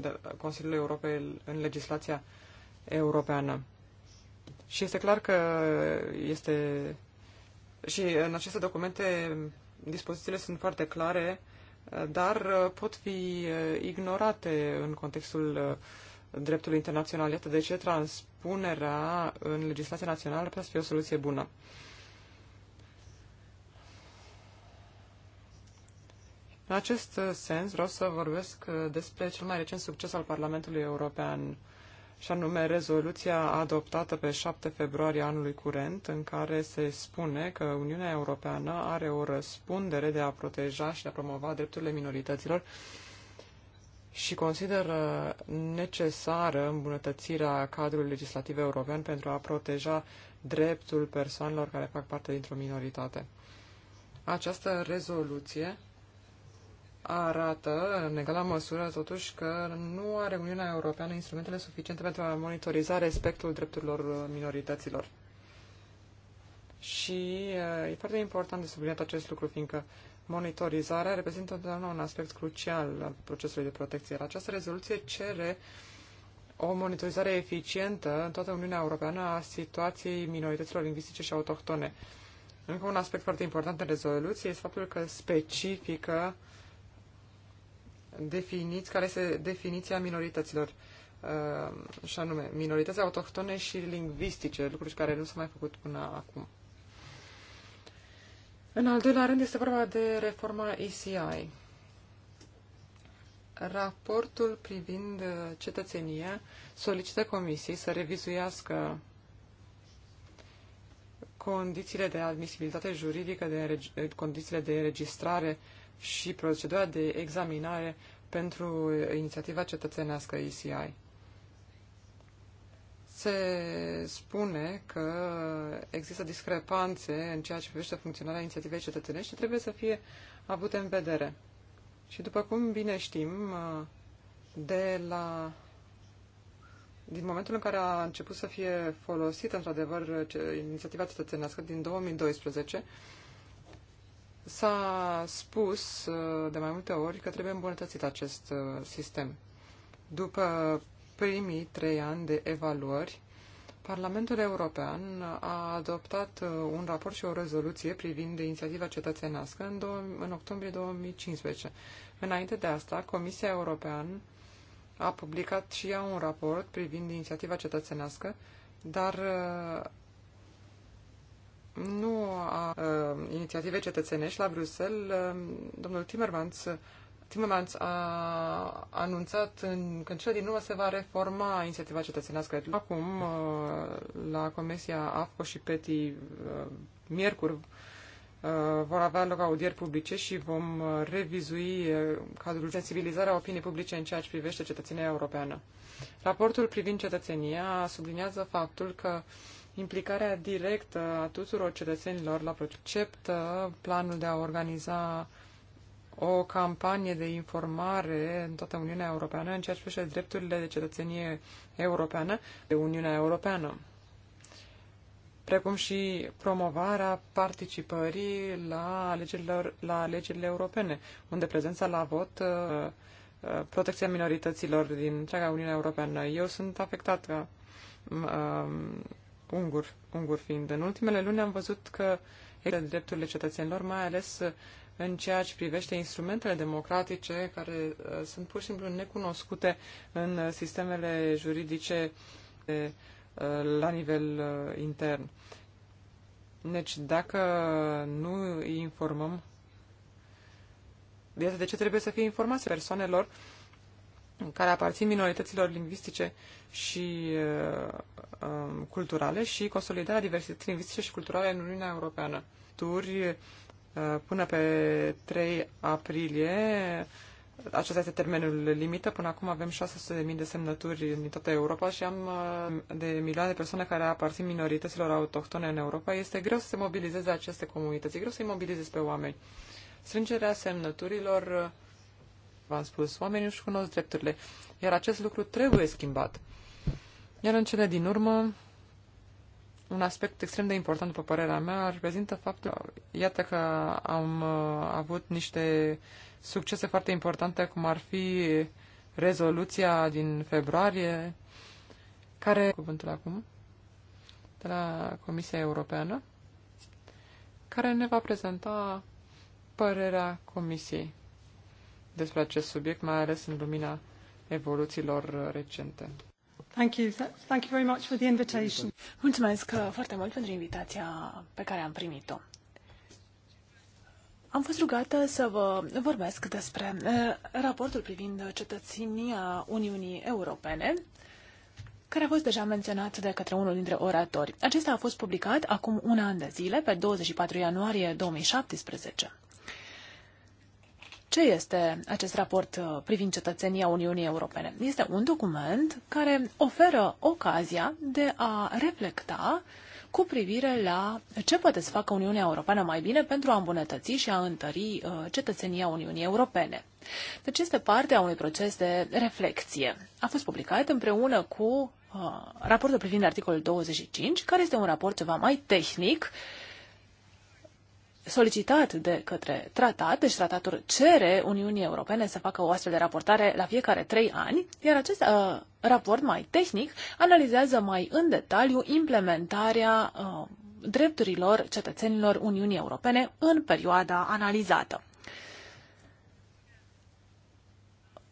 uh, Consiliului Europei în legislația europeană. Și este clar că este... Și în aceste documente dispozițiile sunt foarte clare, dar pot fi uh, ignorate în contextul uh, dreptului internațional. Iată de ce transpunerea în legislația națională poate să fie o soluție bună. În acest uh, sens vreau să vorbesc uh, despre cel mai recent succes al Parlamentului European, și anume rezoluția adoptată pe 7 februarie anului curent, în care se spune că Uniunea Europeană are o răspundere de a proteja și de a promova drepturile minorităților și consideră necesară îmbunătățirea cadrului legislativ european pentru a proteja dreptul persoanelor care fac parte dintr-o minoritate. Această rezoluție arată, în egală măsură, totuși, că nu are Uniunea Europeană instrumentele suficiente pentru a monitoriza respectul drepturilor minorităților. Și uh, e foarte important de subliniat acest lucru, fiindcă monitorizarea reprezintă întotdeauna un aspect crucial al procesului de protecție. Această rezoluție cere o monitorizare eficientă în toată Uniunea Europeană a situației minorităților lingvistice și autohtone. Încă un aspect foarte important în rezoluție este faptul că specifică uh, definiți, care este definiția minorităților. Uh, și anume, minorități autohtone și lingvistice, lucruri care nu s-au mai făcut până acum. În al doilea rând este vorba de reforma ECI. Raportul privind cetățenia solicită comisiei să revizuiască condițiile de admisibilitate juridică, de condițiile de registrare și procedura de examinare pentru inițiativa cetățenească ECI. Se spune că există discrepanțe în ceea ce privește funcționarea inițiativei cetățenești și trebuie să fie avute în vedere. Și după cum bine știm, de la din momentul în care a început să fie folosită, într-adevăr, inițiativa cetățenească din 2012, S-a spus uh, de mai multe ori că trebuie îmbunătățit acest uh, sistem. După primii trei ani de evaluări, Parlamentul European a adoptat uh, un raport și o rezoluție privind inițiativa cetățenească în, în octombrie 2015. Înainte de asta, Comisia Europeană a publicat și ea un raport privind inițiativa cetățenească, dar nu a uh, inițiativei cetățenești la Bruxelles, uh, domnul Timmermans, Timmermans a anunțat în, că în cele din urmă se va reforma inițiativa cetățenească. Acum, uh, la Comisia AFCO și PETI, uh, miercuri, vor avea loc audieri publice și vom revizui cadrul sensibilizarea opiniei publice în ceea ce privește cetățenia europeană. Raportul privind cetățenia subliniază faptul că uh, implicarea directă a tuturor cetățenilor la proceptă, uh, planul de a organiza o campanie de informare în toată Uniunea Europeană în ceea ce privește drepturile de cetățenie europeană de Uniunea Europeană, precum și promovarea participării la alegerile, la alegerile europene, unde prezența la vot, uh, uh, protecția minorităților din întreaga Uniunea Europeană. Eu sunt afectată ungur, ungur fiind. În ultimele luni am văzut că drepturile cetățenilor, mai ales în ceea ce privește instrumentele democratice care uh, sunt pur și simplu necunoscute în sistemele juridice de, uh, la nivel uh, intern. Deci dacă nu îi informăm, iată de ce trebuie să fie informați persoanelor care aparțin minorităților lingvistice și uh, um, culturale și consolidarea diversității lingvistice și culturale în Uniunea Europeană. Turi uh, până pe 3 aprilie, acesta este termenul limită, până acum avem 600.000 de semnături din toată Europa și am uh, de milioane de persoane care aparțin minorităților autohtone în Europa. Este greu să se mobilizeze aceste comunități, e greu să-i mobilizeze pe oameni. Strângerea semnăturilor uh, v-am spus. Oamenii nu-și cunosc drepturile, iar acest lucru trebuie schimbat. Iar în cele din urmă, un aspect extrem de important, după părerea mea, reprezintă faptul, iată că am uh, avut niște succese foarte importante, cum ar fi rezoluția din februarie, care, cuvântul acum, de la Comisia Europeană, care ne va prezenta părerea Comisiei despre acest subiect, mai ales în lumina evoluțiilor recente. Thank you. Thank you very much for the invitation. Mulțumesc uh, foarte mult pentru invitația pe care am primit-o. Am fost rugată să vă vorbesc despre uh, raportul privind cetățenia Uniunii Europene, care a fost deja menționat de către unul dintre oratori. Acesta a fost publicat acum un an de zile, pe 24 ianuarie 2017. Ce este acest raport uh, privind cetățenia Uniunii Europene? Este un document care oferă ocazia de a reflecta cu privire la ce poate să facă Uniunea Europeană mai bine pentru a îmbunătăți și a întări uh, cetățenia Uniunii Europene. Deci este parte a unui proces de reflexie. A fost publicat împreună cu uh, raportul privind articolul 25, care este un raport ceva mai tehnic uh, solicitat de către tratat, deci tratatul cere Uniunii Europene să facă o astfel de raportare la fiecare trei ani, iar acest uh, raport mai tehnic analizează mai în detaliu implementarea uh, drepturilor cetățenilor Uniunii Europene în perioada analizată.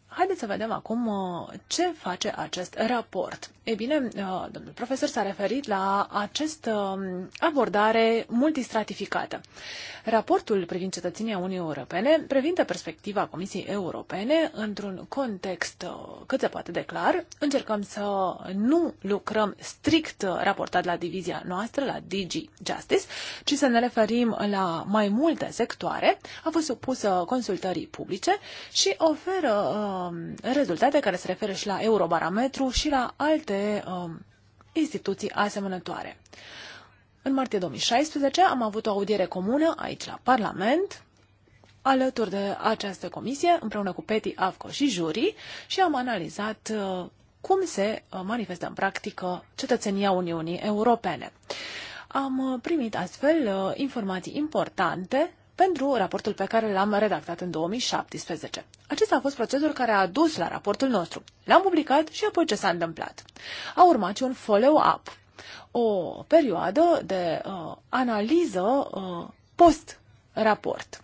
Haideți să vedem acum uh, ce face acest raport. Ei bine, uh, domnul profesor s-a referit la această um, abordare multistratificată. Raportul privind cetățenia Uniunii Europene prezintă perspectiva Comisiei Europene într-un context uh, cât se poate de clar. Încercăm să nu lucrăm strict uh, raportat la divizia noastră, la DG Justice, ci să ne referim la mai multe sectoare. A fost supusă consultării publice și oferă uh, rezultate care se referă și la Eurobarometru și la alte alte uh, um, instituții asemănătoare. În martie 2016 am avut o audiere comună aici la Parlament, alături de această comisie, împreună cu Peti, Avco și jurii, și am analizat uh, cum se uh, manifestă în practică cetățenia Uniunii Europene. Am uh, primit astfel uh, informații importante pentru raportul pe care l-am redactat în 2017. Acesta a fost procesul care a adus la raportul nostru. L-am publicat și apoi ce s-a întâmplat. A urmat și un follow-up, o perioadă de uh, analiză uh, post-raport.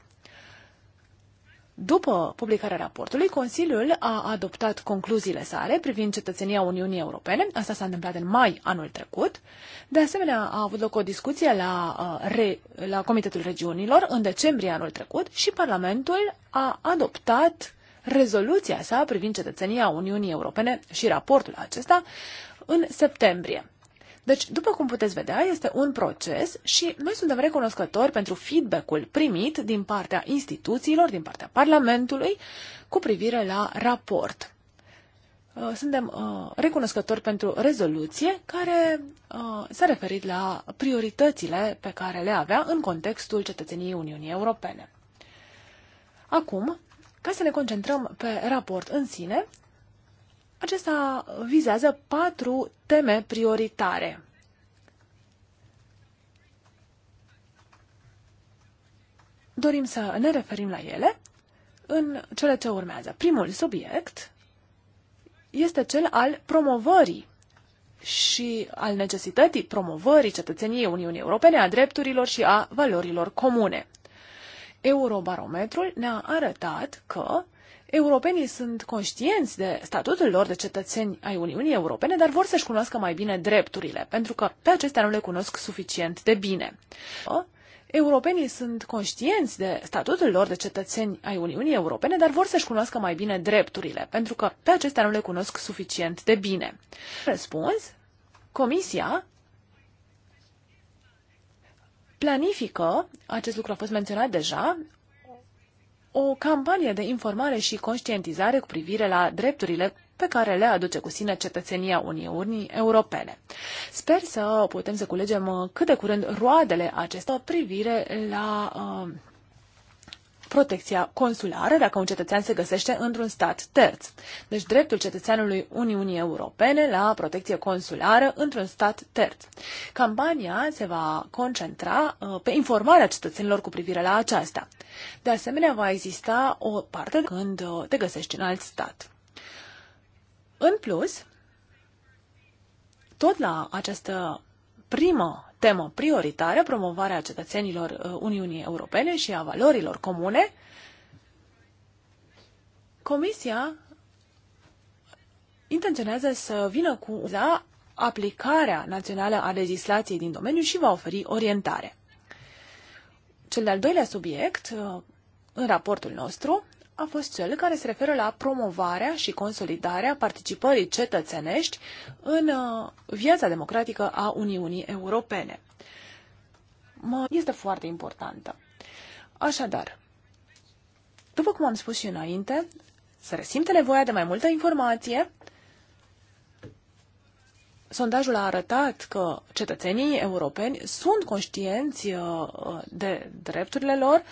După publicarea raportului, Consiliul a adoptat concluziile sale privind cetățenia Uniunii Europene. Asta s-a întâmplat în mai anul trecut. De asemenea, a avut loc o discuție la, uh, la Comitetul Regiunilor în decembrie anul trecut și Parlamentul a adoptat rezoluția sa privind cetățenia Uniunii Europene și raportul acesta în septembrie. Deci, după cum puteți vedea, este un proces și noi suntem recunoscători pentru feedback-ul primit din partea instituțiilor, din partea Parlamentului, cu privire la raport. Uh, suntem uh, recunoscători pentru rezoluție care uh, s-a referit la prioritățile pe care le avea în contextul cetățeniei Uniunii Europene. Acum, ca să ne concentrăm pe raport în sine, acesta vizează patru teme prioritare. Dorim să ne referim la ele în cele ce urmează. Primul subiect este cel al promovării și al necesității promovării cetățeniei Uniunii Europene a drepturilor și a valorilor comune. Eurobarometrul ne-a arătat că europenii sunt conștienți de statutul lor de cetățeni ai Uniunii Europene, dar vor să-și cunoască mai bine drepturile, pentru că pe acestea nu le cunosc suficient de bine. Europenii sunt conștienți de statutul lor de cetățeni ai Uniunii Europene, dar vor să-și cunoască mai bine drepturile, pentru că pe acestea nu le cunosc suficient de bine. Răspuns, Comisia planifică, acest lucru a fost menționat deja, o campanie de informare și conștientizare cu privire la drepturile pe care le aduce cu sine cetățenia Uniunii Europene. Sper să putem să culegem uh, cât de curând roadele acestor privire la uh, protecția consulară dacă un cetățean se găsește într-un stat terț. Deci dreptul cetățeanului Uniunii Europene la protecție consulară într-un stat terț. Campania se va concentra uh, pe informarea cetățenilor cu privire la aceasta. De asemenea, va exista o parte când uh, te găsești în alt stat. În plus, tot la această primă temă prioritară, promovarea cetățenilor uh, Uniunii Europene și a valorilor comune, Comisia intenționează să vină cu la aplicarea națională a legislației din domeniu și va oferi orientare. Cel de-al doilea subiect uh, în raportul nostru a fost cel care se referă la promovarea și consolidarea participării cetățenești în uh, viața democratică a Uniunii Europene. Este foarte importantă. Așadar, după cum am spus și înainte, să resimte nevoia de mai multă informație. Sondajul a arătat că cetățenii europeni sunt conștienți uh, de drepturile lor,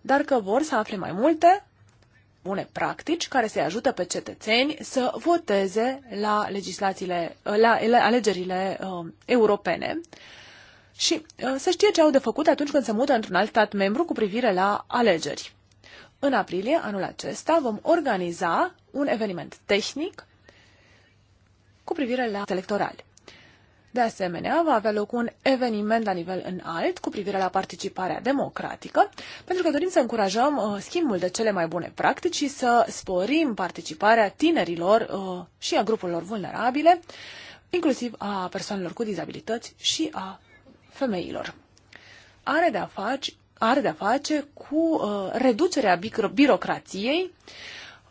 dar că vor să afle mai multe bune practici care să ajută pe cetățeni să voteze la, legislațiile, uh, la alegerile uh, europene și uh, să știe ce au de făcut atunci când se mută într-un alt stat membru cu privire la alegeri. În aprilie anul acesta vom organiza un eveniment tehnic cu privire la electorali. De asemenea, va avea loc un eveniment la nivel înalt cu privire la participarea democratică, pentru că dorim să încurajăm uh, schimbul de cele mai bune practici și să sporim participarea tinerilor uh, și a grupurilor vulnerabile, inclusiv a persoanelor cu dizabilități și a femeilor. Are de-a face, are de-a face cu uh, reducerea birocrației, uh,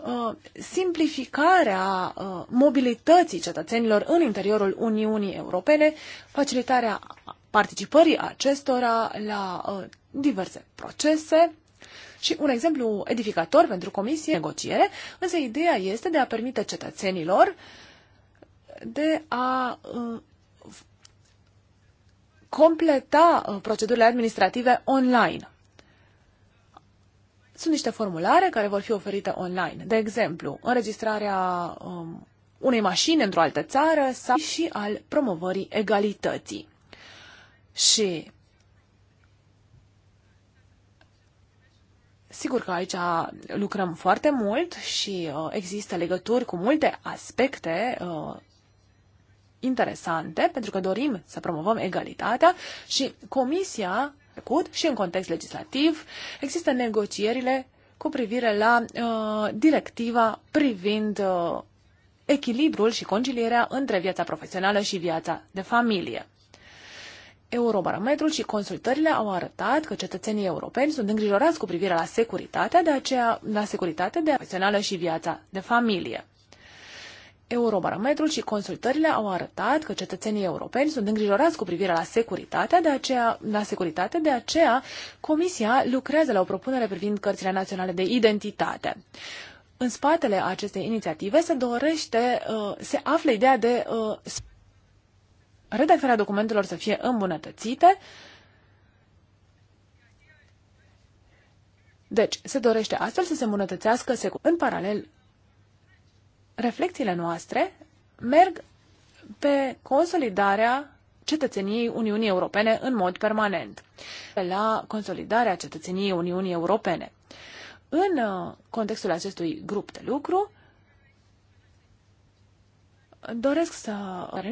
Uh, simplificarea uh, mobilității cetățenilor în interiorul Uniunii Europene, facilitarea participării acestora la uh, diverse procese, și un exemplu edificator pentru comisie negociere, însă ideea este de a permite cetățenilor de a uh, completa procedurile administrative online. Sunt niște formulare care vor fi oferite online. De exemplu, înregistrarea um, unei mașini într-o altă țară sau și al promovării egalității. Și Sigur că aici lucrăm foarte mult și uh, există legături cu multe aspecte uh, interesante, pentru că dorim să promovăm egalitatea și Comisia trecut și în context legislativ există negocierile cu privire la uh, directiva privind uh, echilibrul și concilierea între viața profesională și viața de familie. Eurobarometrul și consultările au arătat că cetățenii europeni sunt îngrijorați cu privire la securitatea, de aceea, la securitatea de profesională și viața de familie. Eurobarometrul și consultările au arătat că cetățenii europeni sunt îngrijorați cu privire la securitatea, de aceea, la securitate, de aceea Comisia lucrează la o propunere privind cărțile naționale de identitate. În spatele acestei inițiative se dorește, uh, se află ideea de uh, redactarea documentelor să fie îmbunătățite, Deci, se dorește astfel să se îmbunătățească în paralel reflexiile noastre merg pe consolidarea cetățeniei Uniunii Europene în mod permanent, la consolidarea cetățeniei Uniunii Europene. În uh, contextul acestui grup de lucru, doresc să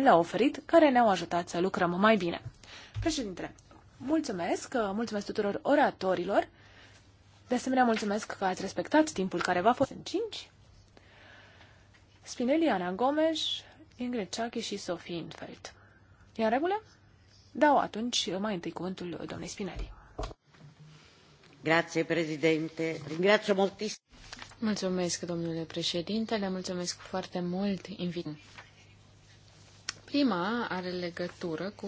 le a oferit care ne-au ajutat să lucrăm mai bine. Președintele, mulțumesc, uh, mulțumesc tuturor oratorilor. De asemenea, mulțumesc că ați respectat timpul care v-a fost în 5. Spinelli, Ana Gomes, Ingrid Ciachi și Sofie Infeld. E în regulă? Dau atunci mai întâi cuvântul doamnei Spinelli. Grazie, președinte. Ringrazio moltissimo. Mulțumesc, domnule președinte. Le mulțumesc foarte mult invit. Prima are legătură cu...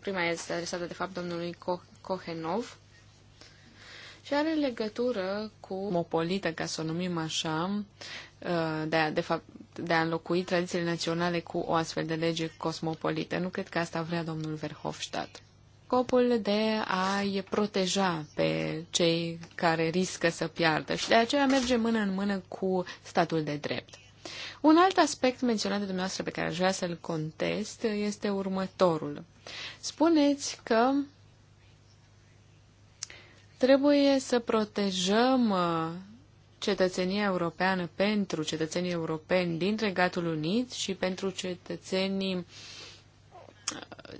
Prima este adresată, de fapt, domnului Co- Kohenov și are legătură cu mopolită, ca să o numim așa, uh, de, de fapt, de a înlocui tradițiile naționale cu o astfel de lege cosmopolită. Nu cred că asta vrea domnul Verhofstadt. Scopul de a-i proteja pe cei care riscă să piardă și de aceea merge mână în mână cu statul de drept. Un alt aspect menționat de dumneavoastră pe care aș vrea să-l contest este următorul. Spuneți că trebuie să protejăm uh, cetățenia europeană pentru cetățenii europeni din Regatul Unit și pentru cetățenii uh,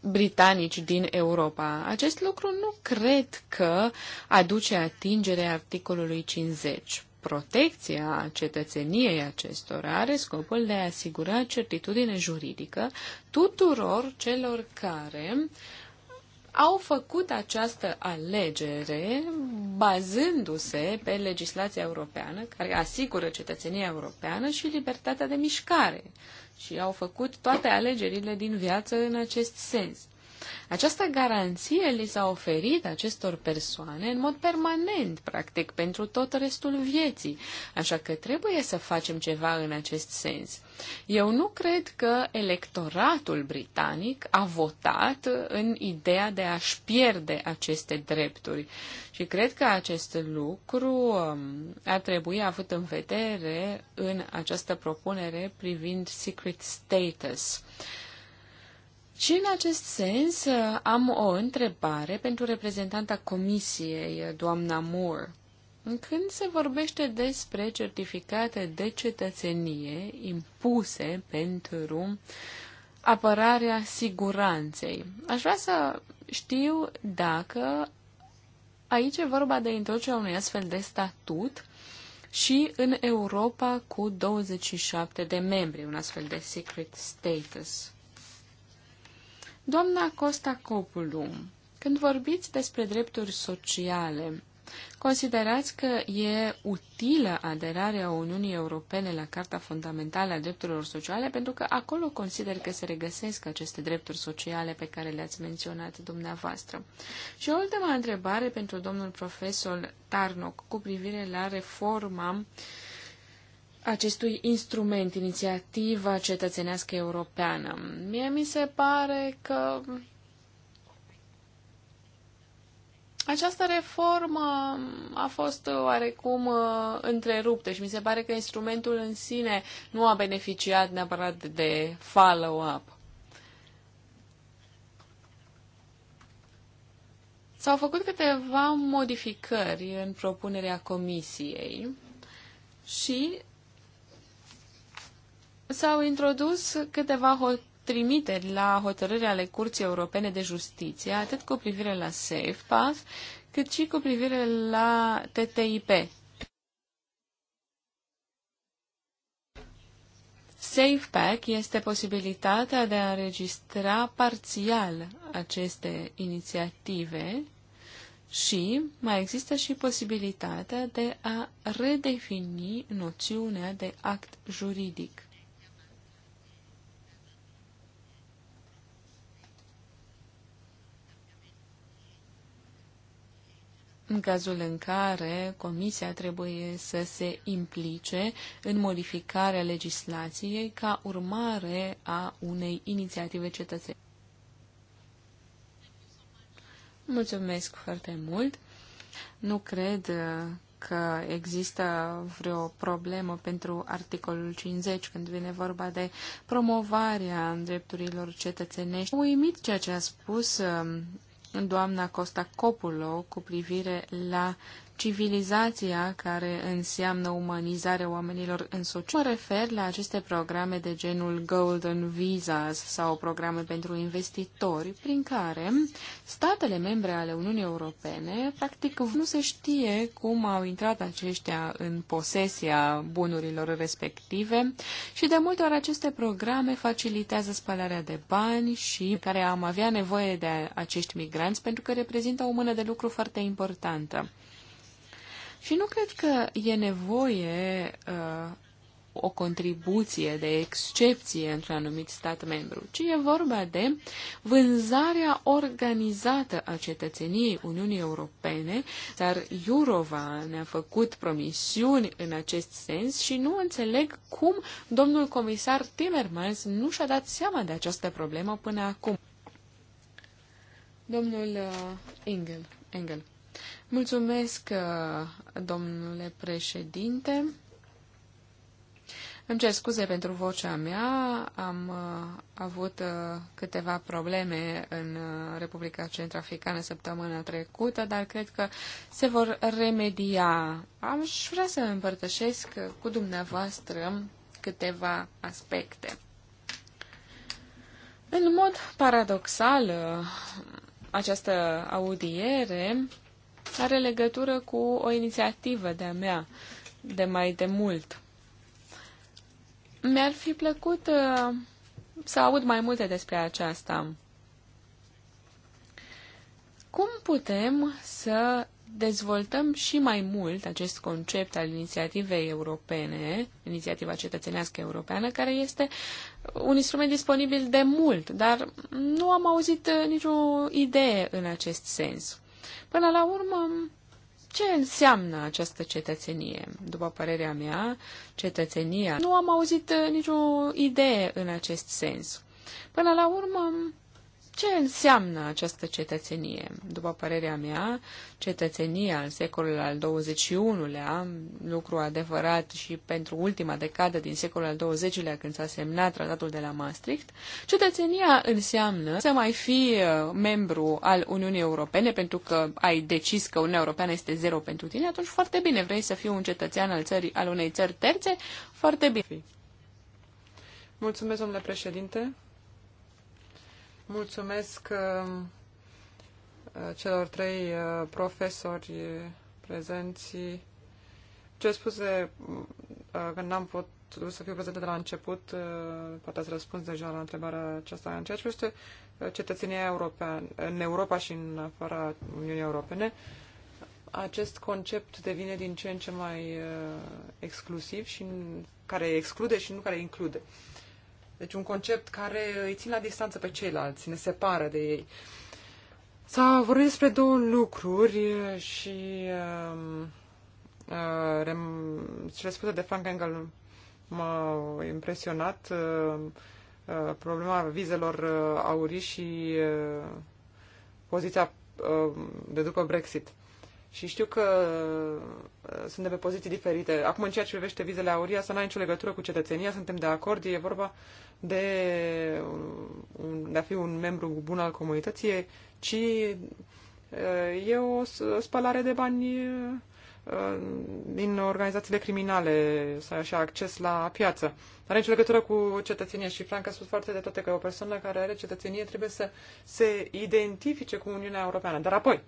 britanici din Europa. Acest lucru nu cred că aduce atingere articolului 50. Protecția cetățeniei acestora are scopul de a asigura certitudine juridică tuturor celor care uh, au făcut această alegere bazându-se pe legislația europeană care asigură cetățenia europeană și libertatea de mișcare și au făcut toate alegerile din viață în acest sens. Această garanție li s-a oferit acestor persoane în mod permanent, practic, pentru tot restul vieții, așa că trebuie să facem ceva în acest sens. Eu nu cred că electoratul britanic a votat în ideea de a-și pierde aceste drepturi și cred că acest lucru um, ar trebui avut în vedere în această propunere privind secret status. Și în acest sens uh, am o întrebare pentru reprezentanta comisiei, uh, doamna Moore. Când se vorbește despre certificate de cetățenie impuse pentru apărarea siguranței, aș vrea să știu dacă aici e vorba de introducerea unui astfel de statut și în Europa cu 27 de membri, un astfel de secret status. Doamna Costa Copulu, când vorbiți despre drepturi sociale, considerați că e utilă aderarea Uniunii Europene la Carta Fundamentală a Drepturilor Sociale, pentru că acolo consider că se regăsesc aceste drepturi sociale pe care le-ați menționat dumneavoastră. Și o ultima întrebare pentru domnul profesor Tarnoc cu privire la reforma uh, acestui instrument, inițiativa cetățenească europeană. Mie mi se pare că această reformă a fost oarecum uh, întreruptă și mi se pare că instrumentul în sine nu a beneficiat neapărat de follow-up. S-au făcut câteva modificări în propunerea comisiei și s-au introdus câteva trimiteri la hotărârea ale Curții Europene de Justiție, atât cu privire la SafePath, cât și cu privire la TTIP. SafePack este posibilitatea de a înregistra parțial aceste inițiative și mai există și posibilitatea de a redefini noțiunea de act juridic. în cazul în care Comisia trebuie să se implice în modificarea legislației ca urmare a unei inițiative cetățene. Mulțumesc foarte mult. Nu cred uh, că există vreo problemă pentru articolul 50 când vine vorba de promovarea drepturilor cetățenești. Uimit ceea ce a spus um, doamna Costa Copulo cu privire la civilizația care înseamnă umanizarea oamenilor în societate. Mă refer la aceste programe de genul Golden Visas sau programe pentru investitori, prin care statele membre ale Uniunii Europene, practic, nu se știe cum au intrat aceștia în posesia bunurilor respective și de multe ori aceste programe facilitează spălarea de bani și care am avea nevoie de acești migranți pentru că reprezintă o mână de lucru foarte importantă. Și nu cred că e nevoie uh, o contribuție de excepție într-un anumit stat membru, ci e vorba de vânzarea organizată a cetățeniei Uniunii Europene, dar Iurova ne-a făcut promisiuni în acest sens și nu înțeleg cum domnul comisar Timmermans nu și-a dat seama de această problemă până acum. Domnul uh, Engel. Engel. Mulțumesc, uh, domnule președinte. Îmi cer scuze pentru vocea mea. Am uh, avut uh, câteva probleme în uh, Republica Centrafricană săptămâna trecută, dar cred că se vor remedia. Am și vrea să împărtășesc cu dumneavoastră câteva aspecte. În mod paradoxal, uh, această audiere are legătură cu o inițiativă de-a mea de mai de mult. Mi-ar fi plăcut uh, să aud mai multe despre aceasta. Cum putem să dezvoltăm și mai mult acest concept al inițiativei europene, inițiativa cetățenească europeană, care este un instrument disponibil de mult, dar nu am auzit uh, nicio idee în acest sens. Până la urmă, ce înseamnă această cetățenie? După părerea mea, cetățenia. Nu am auzit uh, nicio idee în acest sens. Până la urmă, ce înseamnă această cetățenie? După părerea mea, cetățenia în secolul al XXI-lea, lucru adevărat și pentru ultima decadă din secolul al XX-lea, când s-a semnat tratatul de la Maastricht, cetățenia înseamnă să mai fi uh, membru al Uniunii Europene, pentru că ai decis că Uniunea Europeană este zero pentru tine, atunci foarte bine vrei să fii un cetățean al, țării, al unei țări terțe, foarte bine. Mulțumesc, domnule președinte. Mulțumesc uh, celor trei uh, profesori uh, prezenți. Ce spuse că n-am putut să fiu prezentă de la început, poate ați răspuns deja la întrebarea aceasta. În ceea ce este cetățenia europeană, în Europa și în afara Uniunii Europene, acest concept devine din ce în ce mai exclusiv și care exclude și nu care include. Uh, deci un concept care îi ține la distanță pe ceilalți, ne separă de ei. S-a vorbit despre două lucruri și uh, uh, rem, cele spuse de Frank Engel m a impresionat. Uh, uh, problema vizelor uh, aurii și uh, poziția uh, de după Brexit. Și știu că uh, suntem pe poziții diferite. Acum, în ceea ce privește vizele aurii, asta nu are nicio legătură cu cetățenia, suntem de acord, e vorba de, uh, un, de a fi un membru bun al comunității, ci uh, e o spălare de bani din organizațiile criminale să așa acces la piață. Dar are nicio legătură cu cetățenia și Franca a spus foarte de toate că o persoană care are cetățenie trebuie să se identifice cu Uniunea Europeană. Dar apoi, uh,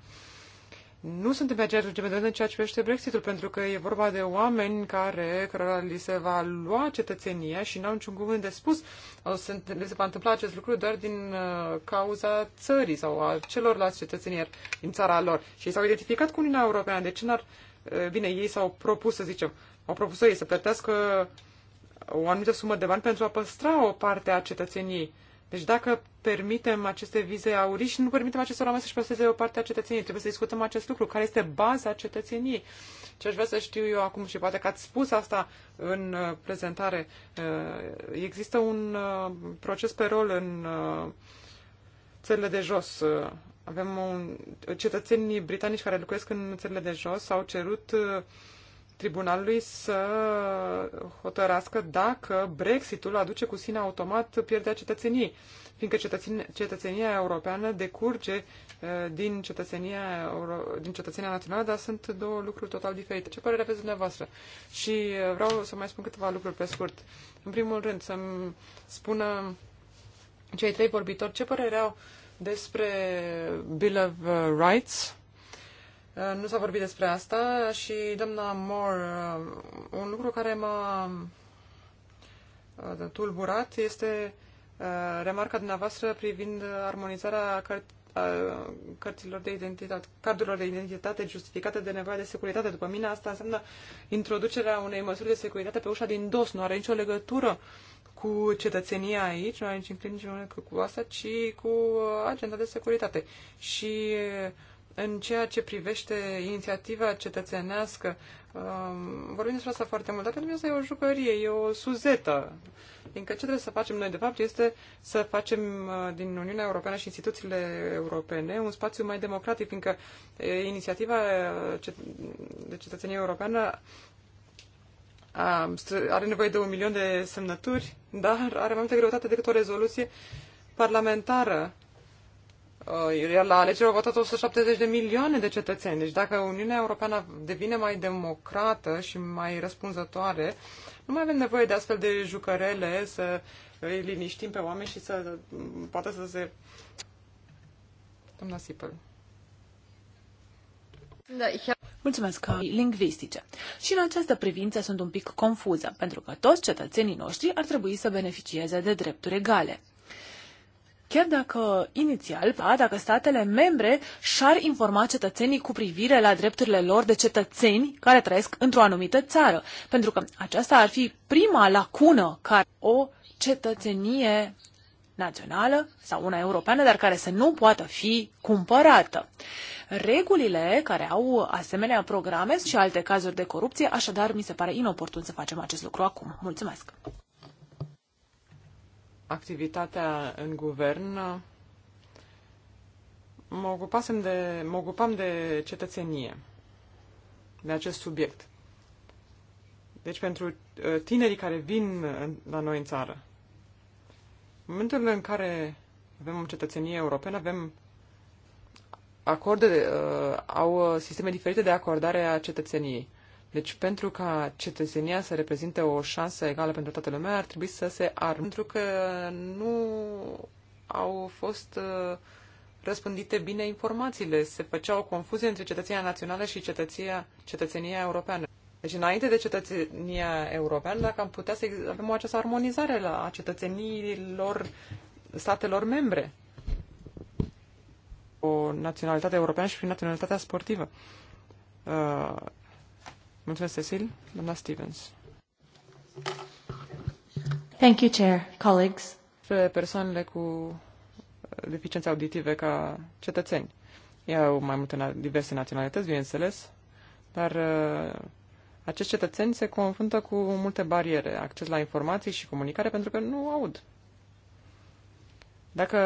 nu suntem pe aceeași lungime de în ceea ce privește Brexitul, pentru că e vorba de oameni care, cărora li se va lua cetățenia și n-au niciun cuvânt de spus. O se, le se va întâmpla acest lucru doar din uh, cauza țării sau a celorlalți cetățeni din țara lor. Și ei s-au identificat cu Uniunea Europeană. De deci ce n-ar... Uh, bine, ei s-au propus, să zicem, au propus ei să plătească o anumită sumă de bani pentru a păstra o parte a cetățeniei. Uh, deci dacă permitem aceste vize aurii și nu permitem acestor oameni să-și păstreze o parte a cetățeniei, trebuie să discutăm acest lucru. Care este baza cetățeniei? Ce aș vrea să știu eu acum și poate că ați spus asta în uh, prezentare. Uh, există un uh, proces pe rol în țările de jos. Avem un... cetățenii britanici care lucrează în țările de jos au cerut uh, tribunalului să hotărască dacă Brexitul aduce cu sine automat pierderea cetățeniei, fiindcă cetățenia, cetățenia europeană decurge eh, din cetățenia, din cetățenia națională, dar sunt două lucruri total diferite. Ce părere aveți dumneavoastră? Și eh, vreau să mai spun câteva lucruri pe scurt. În primul rând, să-mi spună cei trei vorbitori ce părere au despre Bill of Rights, Uh, nu s-a vorbit despre asta și doamna Moore, uh, un lucru care m-a uh, tulburat este remarca dumneavoastră privind armonizarea cărților de identitate, cardurilor de identitate justificate de nevoia de securitate. După mine asta înseamnă introducerea unei măsuri de securitate pe ușa din dos. Nu are nicio legătură cu cetățenia aici, nu are nici înclinire cu asta, ci cu agenda de securitate. Și uh, în ceea ce privește inițiativa cetățenească, um, vorbim despre asta foarte mult, dar pentru mine asta e o jucărie, e o suzetă. Fiindcă ce trebuie să facem noi, de fapt, este să facem uh, din Uniunea Europeană și instituțiile europene un spațiu mai democratic, fiindcă uh, inițiativa uh, de cetățenie europeană um, are nevoie de un milion de semnături, dar are mai multă greutate decât o rezoluție parlamentară Uh, iar la alegeri au votat 170 de milioane de cetățeni. Deci dacă Uniunea Europeană devine mai democrată și mai răspunzătoare, nu mai avem nevoie de astfel de jucărele să îi liniștim pe oameni și să mm, poată să se... Doamna Sipăl. Da, Mulțumesc, uh, lingvistice. Și în această privință sunt un pic confuză, pentru că toți cetățenii noștri ar trebui să beneficieze de drepturi egale chiar dacă inițial, dacă statele membre și-ar informa cetățenii cu privire la drepturile lor de cetățeni care trăiesc într-o anumită țară. Pentru că aceasta ar fi prima lacună care o cetățenie națională sau una europeană, dar care să nu poată fi cumpărată. Regulile care au asemenea programe și alte cazuri de corupție, așadar mi se pare inoportun să facem acest lucru acum. Mulțumesc! activitatea în guvern, mă, ocupasem de, mă ocupam de cetățenie, de acest subiect. Deci pentru uh, tinerii care vin la noi în țară. În momentul în care avem o cetățenie europeană, avem acorde, uh, au uh, sisteme diferite de acordare a cetățeniei. Deci, pentru ca cetățenia să reprezinte o șansă egală pentru toată lumea, ar trebui să se arme, pentru că nu au fost uh, răspândite bine informațiile. Se făcea o confuzie între cetățenia națională și cetăția, cetățenia europeană. Deci, înainte de cetățenia europeană, dacă am putea să avem o această armonizare la cetățeniilor statelor membre, o naționalitate europeană și prin naționalitatea sportivă. Uh, Mulțumesc, Cecil. Doamna Stevens. Thank you, Chair. Colleagues. Persoanele cu uh, deficiențe auditive ca cetățeni. au mai multe na diverse naționalități, bineînțeles, dar uh, acești cetățeni se confruntă cu multe bariere, acces la informații și comunicare, pentru că nu aud. Dacă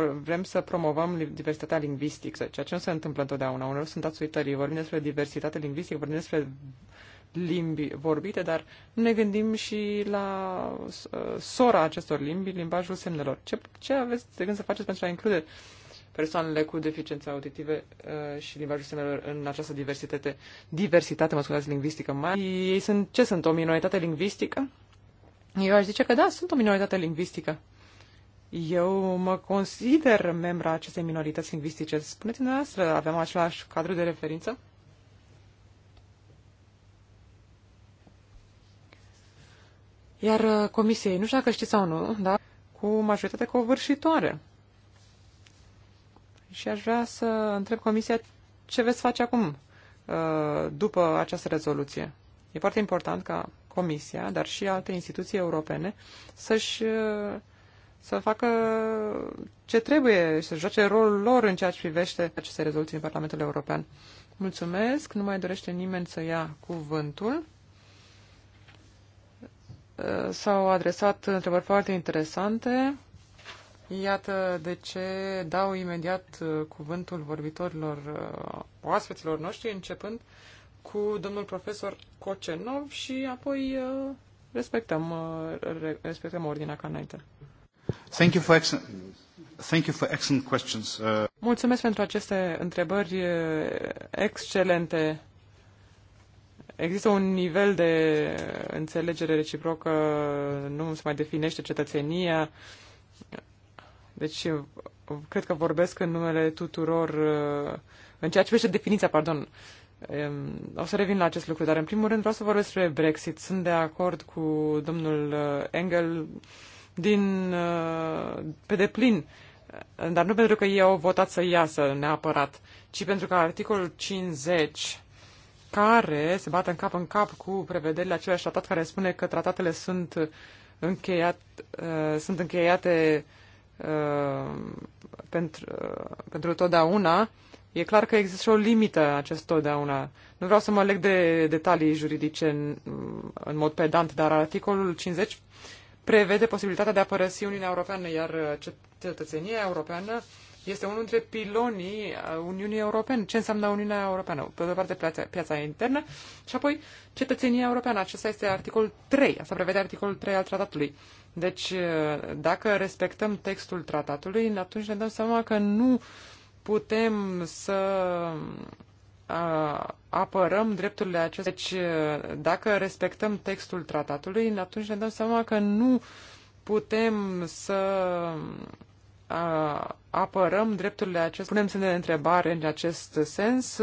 vrem să promovăm diversitatea lingvistică, ceea ce nu se întâmplă întotdeauna. Unor sunt dați uitării, vorbim despre diversitate lingvistică, vorbim despre limbi vorbite, dar nu ne gândim și la ă, sora acestor limbi, limbajul semnelor. Ce, ce aveți de gând să faceți pentru a include persoanele cu deficiențe auditive uh, și limbajul semnelor în această diversitate, diversitate, mă scuzați, lingvistică mai? Ei sunt, ce sunt, o minoritate lingvistică? Eu aș zice că da, sunt o minoritate lingvistică. Eu mă consider membra acestei minorități lingvistice. Spuneți noastră, avem același cadru de referință? Iar uh, comisiei, nu știu dacă știți sau nu, da? cu majoritate covârșitoare. Și aș vrea să întreb comisia ce veți face acum, uh, după această rezoluție. E foarte important ca comisia, dar și alte instituții europene, să-și uh, să facă ce trebuie și să joace rolul lor în ceea ce privește aceste rezoluții în Parlamentul European. Mulțumesc, nu mai dorește nimeni să ia cuvântul. S-au adresat întrebări foarte interesante. Iată de ce dau imediat cuvântul vorbitorilor oaspeților noștri, începând cu domnul profesor Cocenov și apoi uh, respectăm, uh, respectăm ordinea ca înainte. Mulțumesc pentru aceste întrebări uh, excelente. Există un nivel de înțelegere reciprocă, nu se mai definește cetățenia. Deci, cred că vorbesc în numele tuturor, uh, în ceea ce privește definiția, pardon. O să revin la acest lucru, dar în primul rând vreau să vorbesc despre Brexit. Sunt de acord cu domnul uh, Engel din, uh, pe deplin, uh, dar nu pentru că ei au votat să iasă neapărat, ci pentru că articolul 50 care se bate în cap în cap cu prevederile același tratat care spune că tratatele sunt, încheiat, uh, sunt încheiate uh, pentru, uh, pentru totdeauna, e clar că există și o limită acest totdeauna. Nu vreau să mă leg de detalii juridice în, în mod pedant, dar articolul 50 prevede posibilitatea de a părăsi Uniunea Europeană, iar uh, cetățenia europeană este unul dintre pilonii uh, Uniunii Europene. Ce înseamnă Uniunea Europeană? Pe de parte piața, piața internă și apoi cetățenia europeană. Acesta este articolul 3. Asta prevede articolul 3 al tratatului. Deci, uh, dacă respectăm textul tratatului, atunci ne dăm seama că nu putem să apărăm drepturile acestea. Deci, dacă respectăm textul tratatului, atunci ne dăm seama că nu putem să apărăm drepturile acestea. Punem semne de întrebare în acest sens,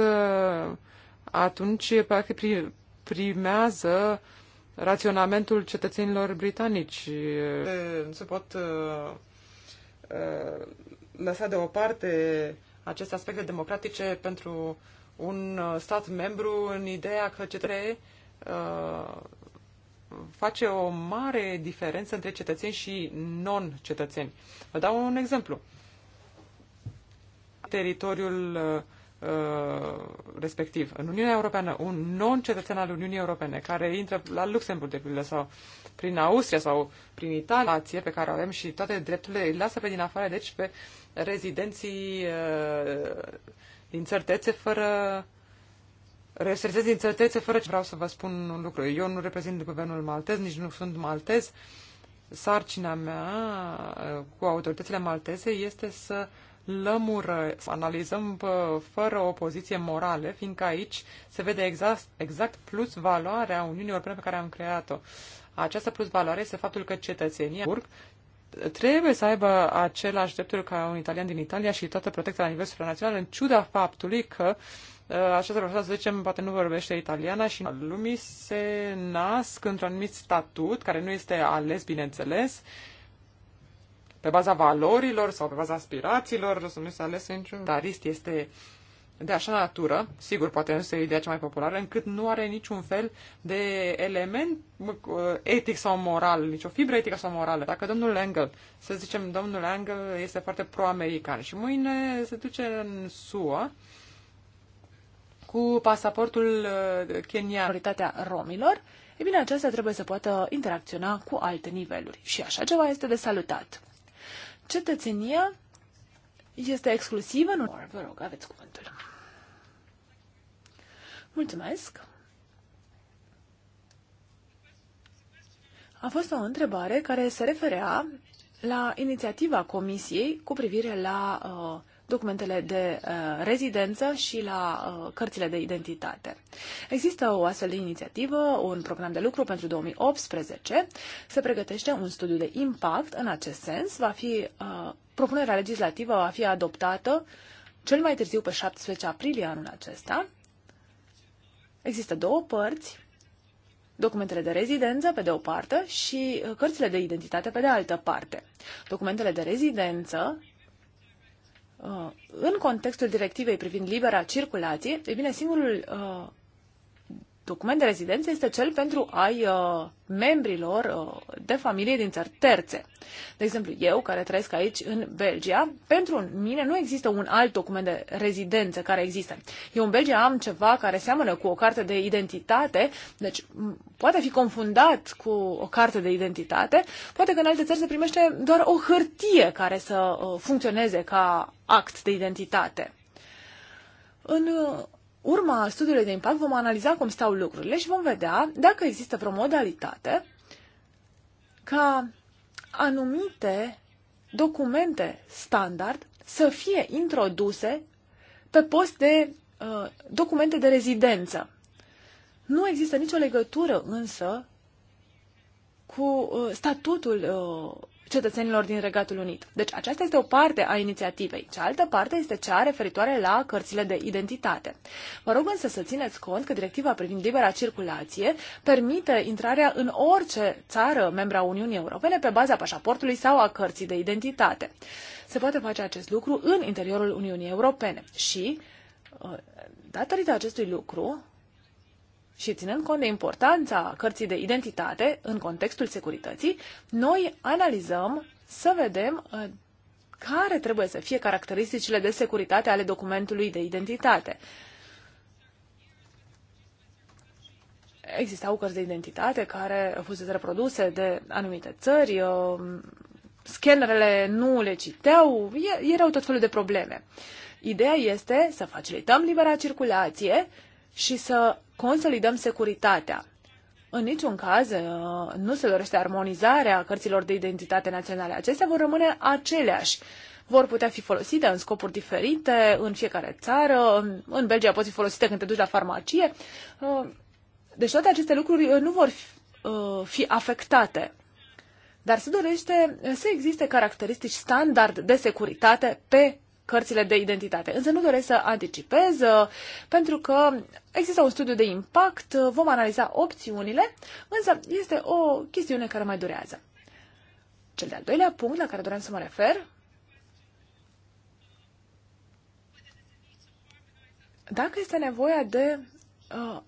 atunci, practic, primează raționamentul cetățenilor britanici. Nu se pot lăsa deoparte aceste aspecte democratice pentru un uh, stat membru în ideea că cetățenii uh, face o mare diferență între cetățeni și non-cetățeni. Vă dau un exemplu. Teritoriul uh, respectiv. În Uniunea Europeană, un non-cetățean al Uniunii Europene care intră la Luxemburg, de pildă, sau prin Austria sau prin Italia, pe care avem și toate drepturile, îi lasă pe din afară, deci pe rezidenții uh, din certețe fără restrezez din certețe fără ce vreau să vă spun un lucru. Eu nu reprezint guvernul maltez, nici nu sunt maltez. Sarcina mea uh, cu autoritățile malteze este să lămură, să analizăm uh, fără o poziție morală, fiindcă aici se vede exact, exact plus valoarea Uniunii Europene pe care am creat-o. Această plus valoare este faptul că cetățenii Burg trebuie să aibă același drepturi ca un italian din Italia și toată protecția la nivel supranațional, în ciuda faptului că uh, această persoană, să zicem, poate nu vorbește italiana și lumii se nasc într-un anumit statut care nu este ales, bineînțeles, pe baza valorilor sau pe baza aspirațiilor, să nu este ales niciun darist, este uh, de așa natură, sigur, poate nu este ideea cea mai populară, încât nu are niciun fel de element uh, etic sau moral, nicio fibră etică sau morală. Dacă domnul Engel, să zicem, domnul Engel este foarte pro-american și mâine se duce în SUA cu pasaportul uh, kenian. Minoritatea romilor, e bine, aceasta trebuie să poată interacționa cu alte niveluri și așa ceva este de salutat. Cetățenia este exclusivă nu? Vă rog, aveți cuvântul. Mulțumesc! A fost o întrebare care se referea la inițiativa Comisiei cu privire la uh, documentele de uh, rezidență și la uh, cărțile de identitate. Există o astfel de inițiativă, un program de lucru pentru 2018. Se pregătește un studiu de impact în acest sens. Va fi, uh, propunerea legislativă va fi adoptată cel mai târziu pe 17 aprilie anul acesta Există două părți, documentele de rezidență pe de o parte și uh, cărțile de identitate pe de altă parte. Documentele de rezidență uh, în contextul directivei privind libera circulație, e bine, singurul uh, document de rezidență este cel pentru ai uh, membrilor uh, de familie din țări terțe. De exemplu, eu care trăiesc aici în Belgia, pentru mine nu există un alt document de rezidență care există. Eu în Belgia am ceva care seamănă cu o carte de identitate, deci poate fi confundat cu o carte de identitate, poate că în alte țări se primește doar o hârtie care să uh, funcționeze ca act de identitate. În uh, urma studiului de impact vom analiza cum stau lucrurile și vom vedea dacă există vreo modalitate ca anumite documente standard să fie introduse pe post de uh, documente de rezidență. Nu există nicio legătură însă cu uh, statutul uh, cetățenilor din Regatul Unit. Deci aceasta este o parte a inițiativei. Cealaltă parte este cea referitoare la cărțile de identitate. Vă rog însă să țineți cont că directiva privind libera circulație permite intrarea în orice țară membra Uniunii Europene pe baza pașaportului sau a cărții de identitate. Se poate face acest lucru în interiorul Uniunii Europene și, uh, datorită acestui lucru, și ținând cont de importanța cărții de identitate în contextul securității, noi analizăm să vedem uh, care trebuie să fie caracteristicile de securitate ale documentului de identitate. Existau cărți de identitate care au fost reproduse de anumite țări, uh, scannerele nu le citeau, erau tot felul de probleme. Ideea este să facilităm libera circulație și să consolidăm securitatea. În niciun caz uh, nu se dorește armonizarea cărților de identitate naționale. Acestea vor rămâne aceleași. Vor putea fi folosite în scopuri diferite în fiecare țară. În Belgia pot fi folosite când te duci la farmacie. Uh, deci toate aceste lucruri uh, nu vor fi afectate. Dar se dorește să existe caracteristici standard de securitate pe cărțile de identitate. Însă nu doresc să anticipez, uh, pentru că există un studiu de impact, uh, vom analiza opțiunile, însă este o chestiune care mai durează. Cel de-al doilea punct la care doream să mă refer dacă este nevoia de uh,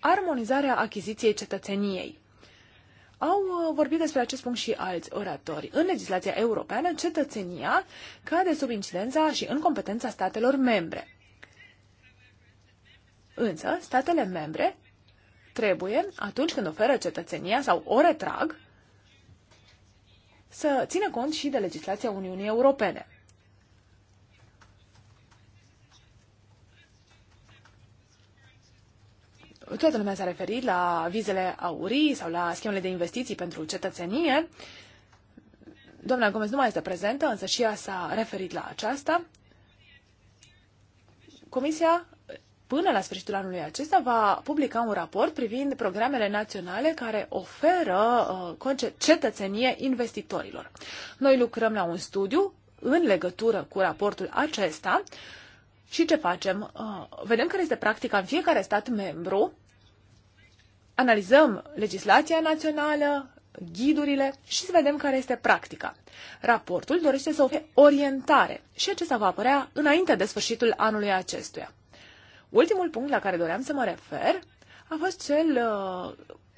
armonizarea achiziției cetățeniei. Au uh, vorbit despre acest punct și alți oratori. În legislația europeană, cetățenia cade sub incidența și în competența statelor membre. Însă, statele membre trebuie, atunci când oferă cetățenia sau o retrag, să țină cont și de legislația Uniunii Europene. Toată lumea s-a referit la vizele aurii sau la schemele de investiții pentru cetățenie. Doamna Gomez nu mai este prezentă, însă și ea s-a referit la aceasta. Comisia, până la sfârșitul anului acesta, va publica un raport privind programele naționale care oferă uh, cetățenie investitorilor. Noi lucrăm la un studiu în legătură cu raportul acesta. Uh, și ce facem? Uh, vedem care este practica în fiecare stat membru, analizăm legislația națională, ghidurile și să vedem care este practica. Raportul dorește să ofere orientare și acesta va apărea înainte de sfârșitul anului acestuia. Ultimul punct la care doream să mă refer a fost cel uh,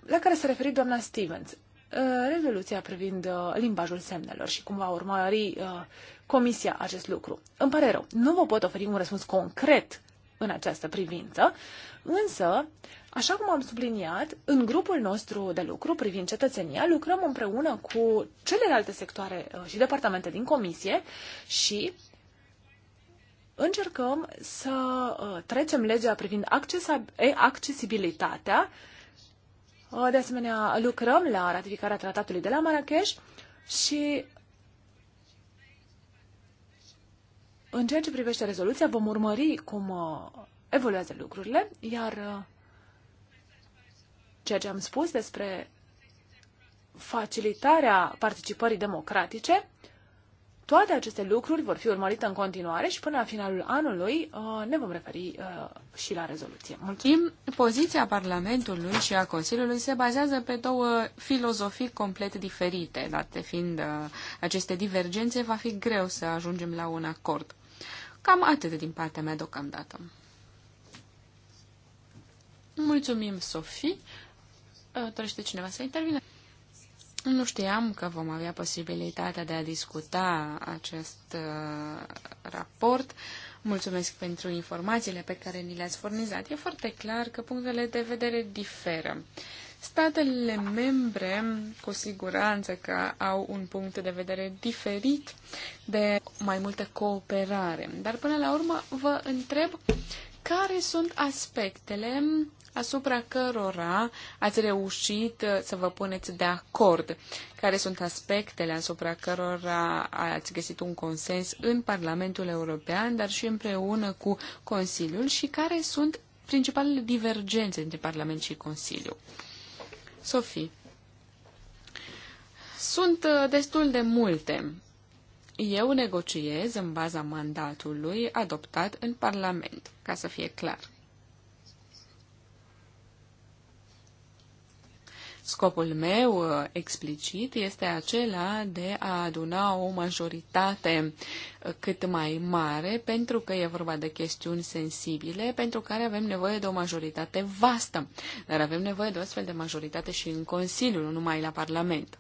la care s-a referit doamna Stevens, uh, rezoluția privind limbajul semnelor și cum va urmări Comisia acest lucru. Îmi pare rău, nu vă pot oferi un răspuns concret în această privință, însă, așa cum am subliniat, în grupul nostru de lucru privind cetățenia lucrăm împreună cu celelalte sectoare uh, și departamente din Comisie și încercăm să uh, trecem legea privind accesibilitatea. Uh, de asemenea, lucrăm la ratificarea tratatului de la Marrakesh și În ceea ce privește rezoluția, vom urmări cum uh, evoluează lucrurile, iar uh, ceea ce am spus despre facilitarea participării democratice, toate aceste lucruri vor fi urmărite în continuare și până la finalul anului uh, ne vom referi și la rezoluție. Mulțumim! Poziția Parlamentului și a Consiliului se bazează pe două filozofii complet diferite. Date fiind aceste divergențe, va fi greu să ajungem la un acord. Cam atât din partea mea deocamdată. Mulțumim, Sofie. Uh, dorește cineva să intervine? Nu știam că vom avea posibilitatea de a discuta acest uh, raport. Mulțumesc pentru informațiile pe care ni le-ați furnizat. E foarte clar că punctele de vedere diferă. Uh, Statele membre, cu siguranță că au un punct de vedere diferit de mai multă cooperare. Dar până la urmă vă întreb care sunt aspectele asupra cărora ați reușit uh, să vă puneți de acord, care sunt aspectele asupra cărora ați găsit un consens în Parlamentul European, dar și împreună cu Consiliul și care sunt principalele divergențe între Parlament și Consiliu. Sofie. Sunt uh, destul de multe. Eu negociez în baza mandatului adoptat în Parlament, ca să fie clar. Scopul meu uh, explicit este acela de a aduna o majoritate uh, cât mai mare, pentru că e vorba de chestiuni sensibile, pentru care avem nevoie de o majoritate vastă. Dar avem nevoie de o astfel de majoritate și în Consiliu, nu numai la Parlament.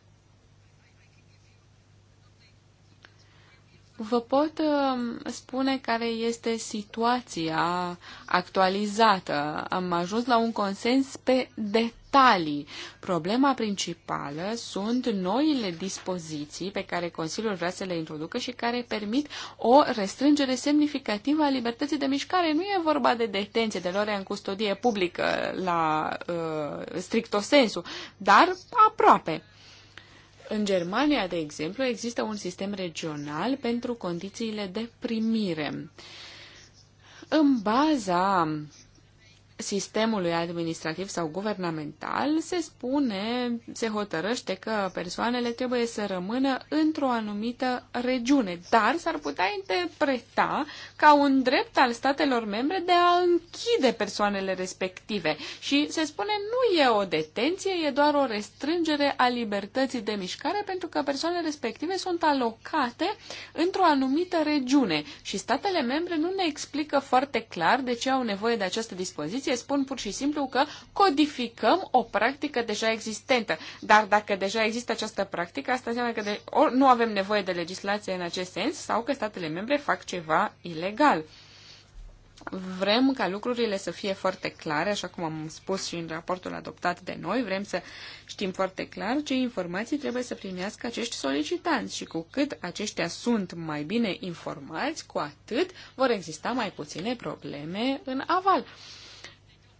Vă pot um, spune care este situația actualizată. Am ajuns la un consens pe de detalii. Problema principală sunt noile dispoziții pe care Consiliul vrea să le introducă și care permit o restrângere semnificativă a libertății de mișcare. Nu e vorba de detenție, de lorea în custodie publică la uh, stricto sensu, dar aproape. În Germania, de exemplu, există un sistem regional pentru condițiile de primire. În baza sistemului administrativ sau guvernamental, se spune, se hotărăște că persoanele trebuie să rămână într-o anumită regiune, dar s-ar putea interpreta ca un drept al statelor membre de a închide persoanele respective. Și se spune nu e o detenție, e doar o restrângere a libertății de mișcare pentru că persoanele respective sunt alocate într-o anumită regiune și statele membre nu ne explică foarte clar de ce au nevoie de această dispoziție comisie spun pur și simplu că codificăm o practică deja existentă. Dar dacă deja există această practică, asta înseamnă că de, ori nu avem nevoie de legislație în acest sens sau că statele membre fac ceva ilegal. Vrem ca lucrurile să fie foarte clare, așa cum am spus și în raportul adoptat de noi, vrem să știm foarte clar ce informații trebuie să primească acești solicitanți și cu cât aceștia sunt mai bine informați, cu atât vor exista mai puține probleme în aval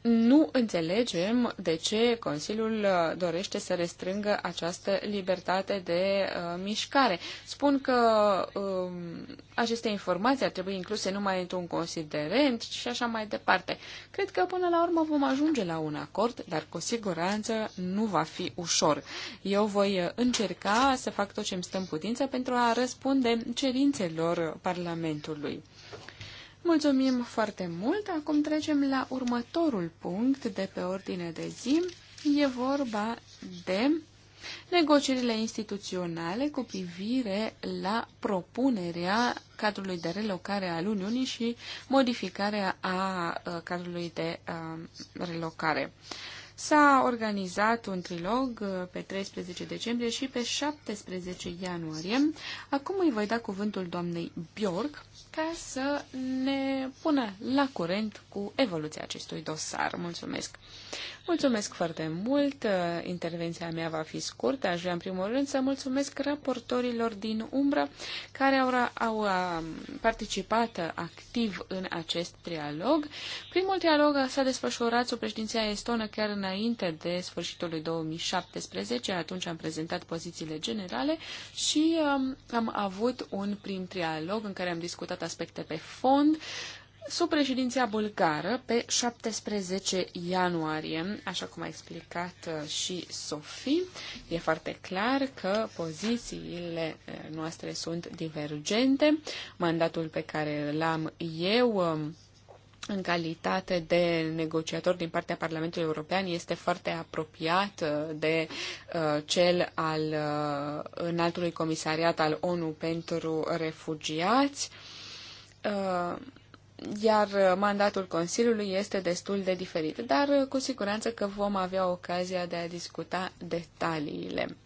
nu înțelegem de ce Consiliul uh, dorește să restrângă această libertate de uh, mișcare. Spun că uh, aceste informații ar trebui incluse numai într-un considerent și așa mai departe. Cred că până la urmă vom ajunge la un acord, dar cu siguranță nu va fi ușor. Eu voi uh, încerca să fac tot ce îmi stă în putință pentru a răspunde cerințelor Parlamentului. Mulțumim foarte mult. Acum trecem la următorul punct de pe ordine de zi. E vorba de negocierile instituționale cu privire la propunerea cadrului de relocare al Uniunii și modificarea a cadrului de relocare. S-a organizat un trilog pe 13 decembrie și pe 17 ianuarie. Acum îi voi da cuvântul doamnei Bjork ca să ne pună la curent cu evoluția acestui dosar. Mulțumesc! Mulțumesc foarte mult. Intervenția mea va fi scurtă. Aș vrea, în primul rând, să mulțumesc raportorilor din umbră care au, au participat activ în acest trialog. Primul trialog s-a desfășurat sub președinția estonă chiar înainte de sfârșitul lui 2017. Atunci am prezentat pozițiile generale și um, am avut un prim trialog în care am discutat aspecte pe fond sub președinția bulgară pe 17 ianuarie, așa cum a explicat uh, și Sofie. E foarte clar că pozițiile uh, noastre sunt divergente. Mandatul pe care l am eu um, în calitate de negociator din partea Parlamentului European este foarte apropiat uh, de uh, cel al uh, înaltului comisariat al ONU pentru refugiați. Uh, iar mandatul Consiliului este destul de diferit, dar cu siguranță că vom avea ocazia de a discuta detaliile.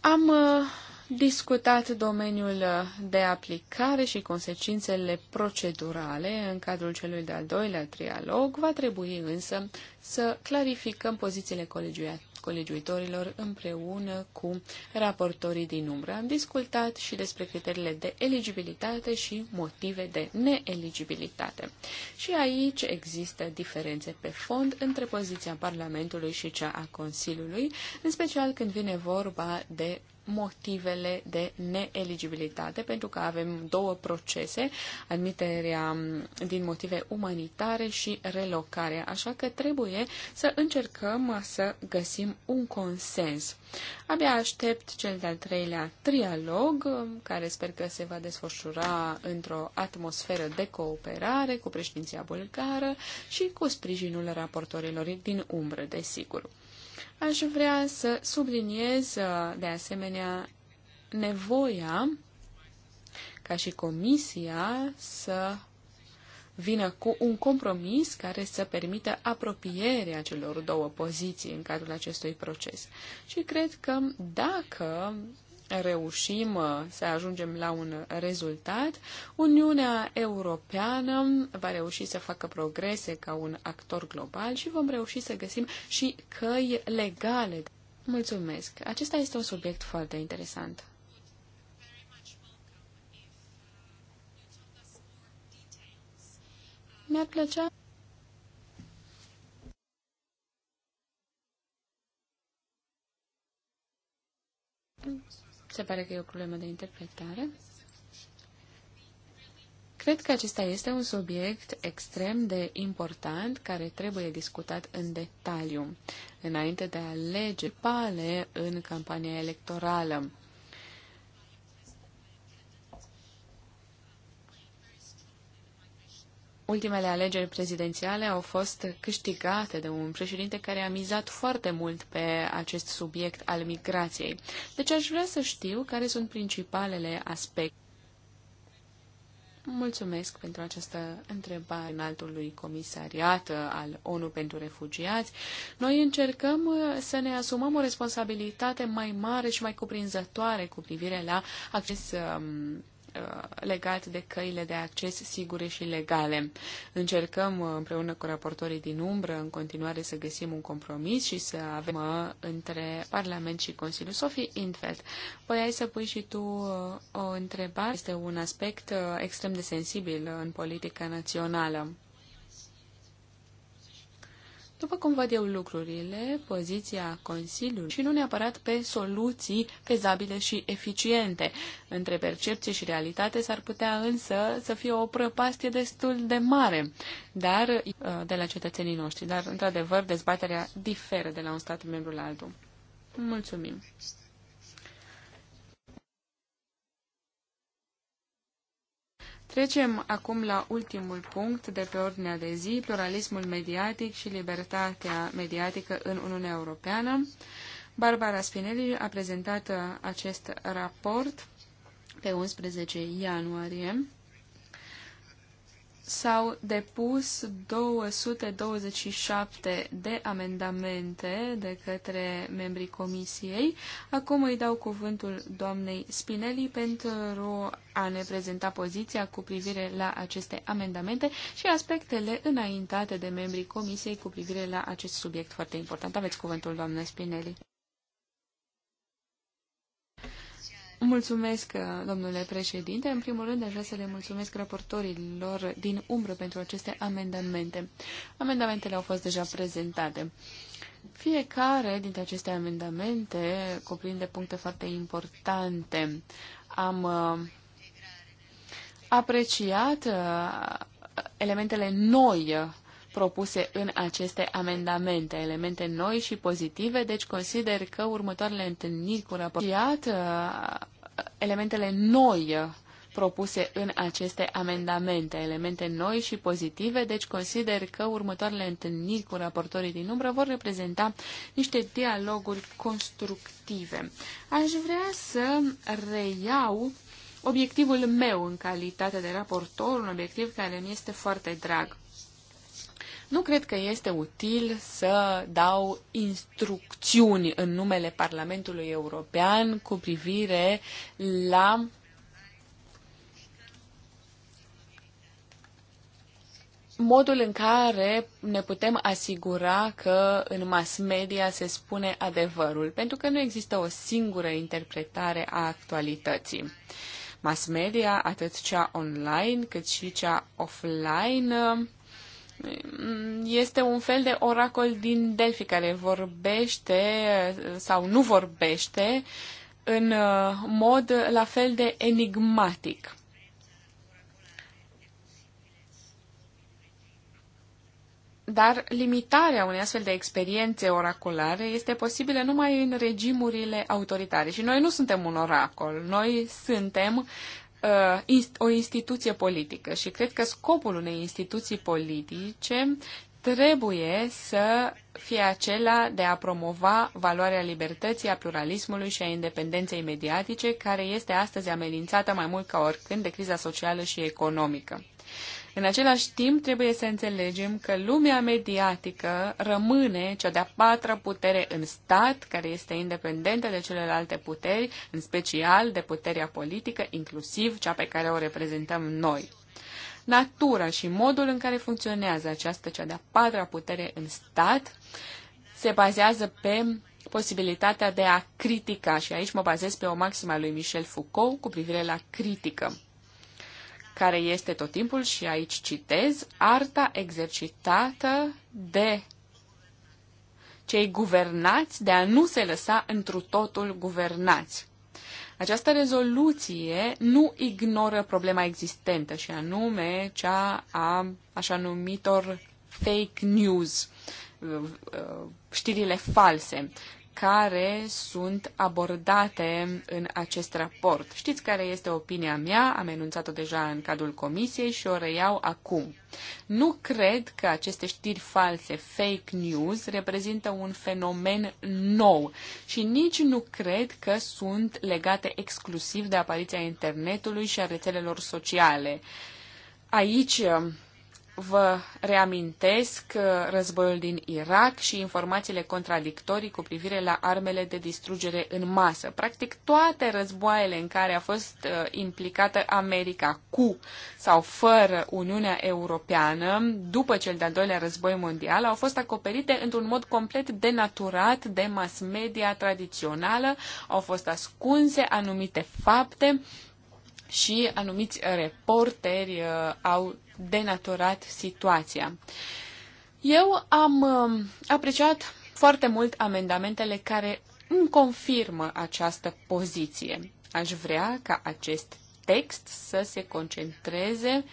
Am uh, discutat domeniul de aplicare și consecințele procedurale în cadrul celui de-al doilea trialog. Va trebui însă să clarificăm pozițiile colegiului colegiuitorilor împreună cu raportorii din umbră. Am discutat și despre criteriile de eligibilitate și motive de neeligibilitate. Și aici există diferențe pe fond între poziția Parlamentului și cea a Consiliului, în special când vine vorba de motivele de neeligibilitate, pentru că avem două procese, admiterea din motive umanitare și relocarea, așa că trebuie să încercăm să găsim un consens. Abia aștept cel de-al treilea trialog, care sper că se va desfășura într-o atmosferă de cooperare cu președinția bulgară și cu sprijinul raportorilor din umbră, desigur. Aș vrea să subliniez uh, de asemenea nevoia ca și Comisia să vină cu un compromis care să permită apropierea celor două poziții în cadrul acestui proces. Și cred că dacă reușim uh, să ajungem la un rezultat, Uniunea Europeană va reuși să facă progrese ca un actor global și vom reuși să găsim și căi legale. Mulțumesc! Acesta este un subiect foarte interesant. Mi-ar plăcea se pare că e o problemă de interpretare. Cred că acesta este un subiect extrem de important care trebuie discutat în detaliu, înainte de a alege pale în campania electorală. Ultimele alegeri prezidențiale au fost câștigate de un președinte care a mizat foarte mult pe acest subiect al migrației. Deci aș vrea să știu care sunt principalele aspecte. Mulțumesc pentru această întrebare înaltului comisariat al ONU pentru refugiați. Noi încercăm să ne asumăm o responsabilitate mai mare și mai cuprinzătoare cu privire la acces um, Uh, legat de căile de acces sigure și legale. Încercăm uh, împreună cu raportorii din umbră în continuare să găsim un compromis și să avem uh, între Parlament și Consiliu. Sofie Infeld, păi ai să pui și tu o întrebare? Este un aspect extrem de sensibil în politica națională. După cum văd eu lucrurile, poziția Consiliului și nu neapărat pe soluții fezabile și eficiente. Între percepție și realitate s-ar putea însă să fie o prăpastie destul de mare dar uh, de la cetățenii noștri. Dar, într-adevăr, dezbaterea diferă de la un stat membru la altul. Mulțumim! Trecem acum la ultimul punct de pe ordinea de zi, pluralismul mediatic și libertatea mediatică în Uniunea Europeană. Barbara Spinelli a prezentat uh, acest raport pe 11 ianuarie s-au depus 227 de amendamente de către membrii comisiei. Acum îi dau cuvântul doamnei Spinelli pentru a ne prezenta poziția cu privire la aceste amendamente și aspectele înaintate de membrii comisiei cu privire la acest subiect foarte important. Aveți cuvântul, doamnă Spinelli. Mulțumesc, uh, domnule președinte. În primul rând, aș vrea să le mulțumesc raportorilor din umbră pentru aceste amendamente. Amendamentele au fost deja prezentate. Fiecare dintre aceste amendamente cuprinde puncte foarte importante. Am uh, apreciat uh, elementele noi propuse în aceste amendamente, elemente noi și pozitive, deci consider că următoarele întâlniri cu raportul uh, elementele noi uh, propuse în aceste amendamente, elemente noi și pozitive, deci consider că următoarele întâlniri cu raportorii din umbră vor reprezenta niște dialoguri constructive. Aș vrea să reiau obiectivul meu în calitate de raportor, un obiectiv care mi este foarte drag. Nu cred că este util să dau instrucțiuni în numele Parlamentului European cu privire la modul în care ne putem asigura că în mass media se spune adevărul, pentru că nu există o singură interpretare a actualității. Mass media, atât cea online cât și cea offline, este un fel de oracol din Delphi care vorbește sau nu vorbește în uh, mod la fel de enigmatic. Dar limitarea unei astfel de experiențe oracolare este posibilă numai în regimurile autoritare. Și noi nu suntem un oracol, noi suntem Uh, o instituție politică și cred că scopul unei instituții politice trebuie să fie acela de a promova valoarea libertății, a pluralismului și a independenței mediatice, care este astăzi amenințată mai mult ca oricând de criza socială și economică. În același timp, trebuie să înțelegem că lumea mediatică rămâne cea de-a patra putere în stat, care este independentă de celelalte puteri, în special de puterea politică, inclusiv cea pe care o reprezentăm noi. Natura și modul în care funcționează această cea de-a patra putere în stat se bazează pe posibilitatea de a critica și aici mă bazez pe o maximă a lui Michel Foucault cu privire la critică care este tot timpul, și aici citez, arta exercitată de cei guvernați de a nu se lăsa întru totul guvernați. Această rezoluție nu ignoră problema existentă și anume cea a așa numitor fake news, uh, uh, știrile false, care sunt abordate în acest raport. Știți care este opinia mea, am enunțat-o deja în cadrul comisiei și o reiau acum. Nu cred că aceste știri false, fake news, reprezintă un fenomen nou și nici nu cred că sunt legate exclusiv de apariția internetului și a rețelelor sociale. Aici Vă reamintesc uh, războiul din Irak și informațiile contradictorii cu privire la armele de distrugere în masă. Practic toate războaiele în care a fost uh, implicată America cu sau fără Uniunea Europeană, după cel de-al doilea război mondial, au fost acoperite într-un mod complet denaturat de mass media tradițională, au fost ascunse anumite fapte, și anumiți reporteri uh, au denaturat situația. Eu am uh, apreciat foarte mult amendamentele care îmi confirmă această poziție. Aș vrea ca acest text să se concentreze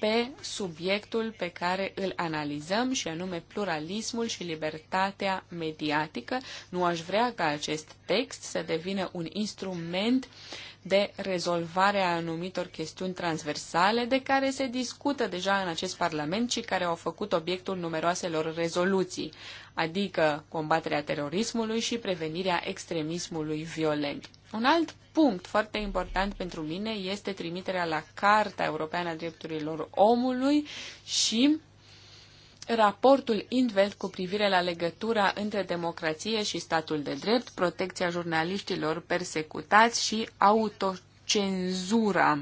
pe subiectul pe care îl analizăm și anume pluralismul și libertatea mediatică. Nu aș vrea ca acest text să devină un instrument de rezolvare a anumitor chestiuni transversale de care se discută deja în acest Parlament și care au făcut obiectul numeroaselor rezoluții, adică combaterea terorismului și prevenirea extremismului violent. Un alt punct foarte important pentru mine este trimiterea la Carta Europeană a Drepturilor Omului și raportul Invelt cu privire la legătura între democrație și statul de drept, protecția jurnaliștilor persecutați și autocenzura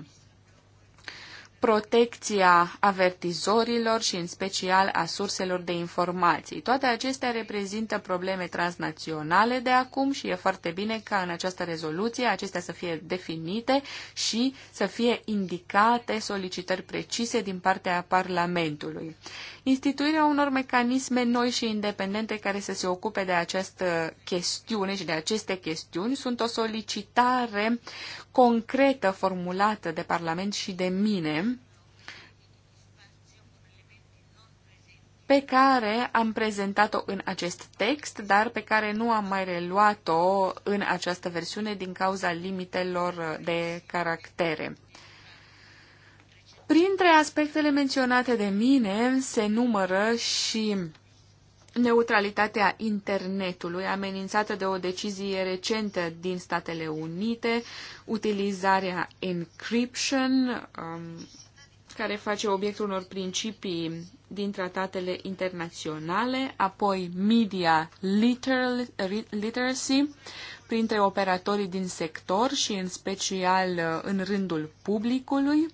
protecția avertizorilor și în special a surselor de informații. Toate acestea reprezintă probleme transnaționale de acum și e foarte bine ca în această rezoluție acestea să fie definite și să fie indicate solicitări precise din partea Parlamentului. Instituirea unor mecanisme noi și independente care să se ocupe de această chestiune și de aceste chestiuni sunt o solicitare concretă formulată de Parlament și de mine pe care am prezentat-o în acest text, dar pe care nu am mai reluat-o în această versiune din cauza limitelor de caractere. Printre aspectele menționate de mine se numără și neutralitatea internetului amenințată de o decizie recentă din Statele Unite, utilizarea encryption, um, care face obiectul unor principii din tratatele internaționale, apoi media literacy printre operatorii din sector și în special uh, în rândul publicului,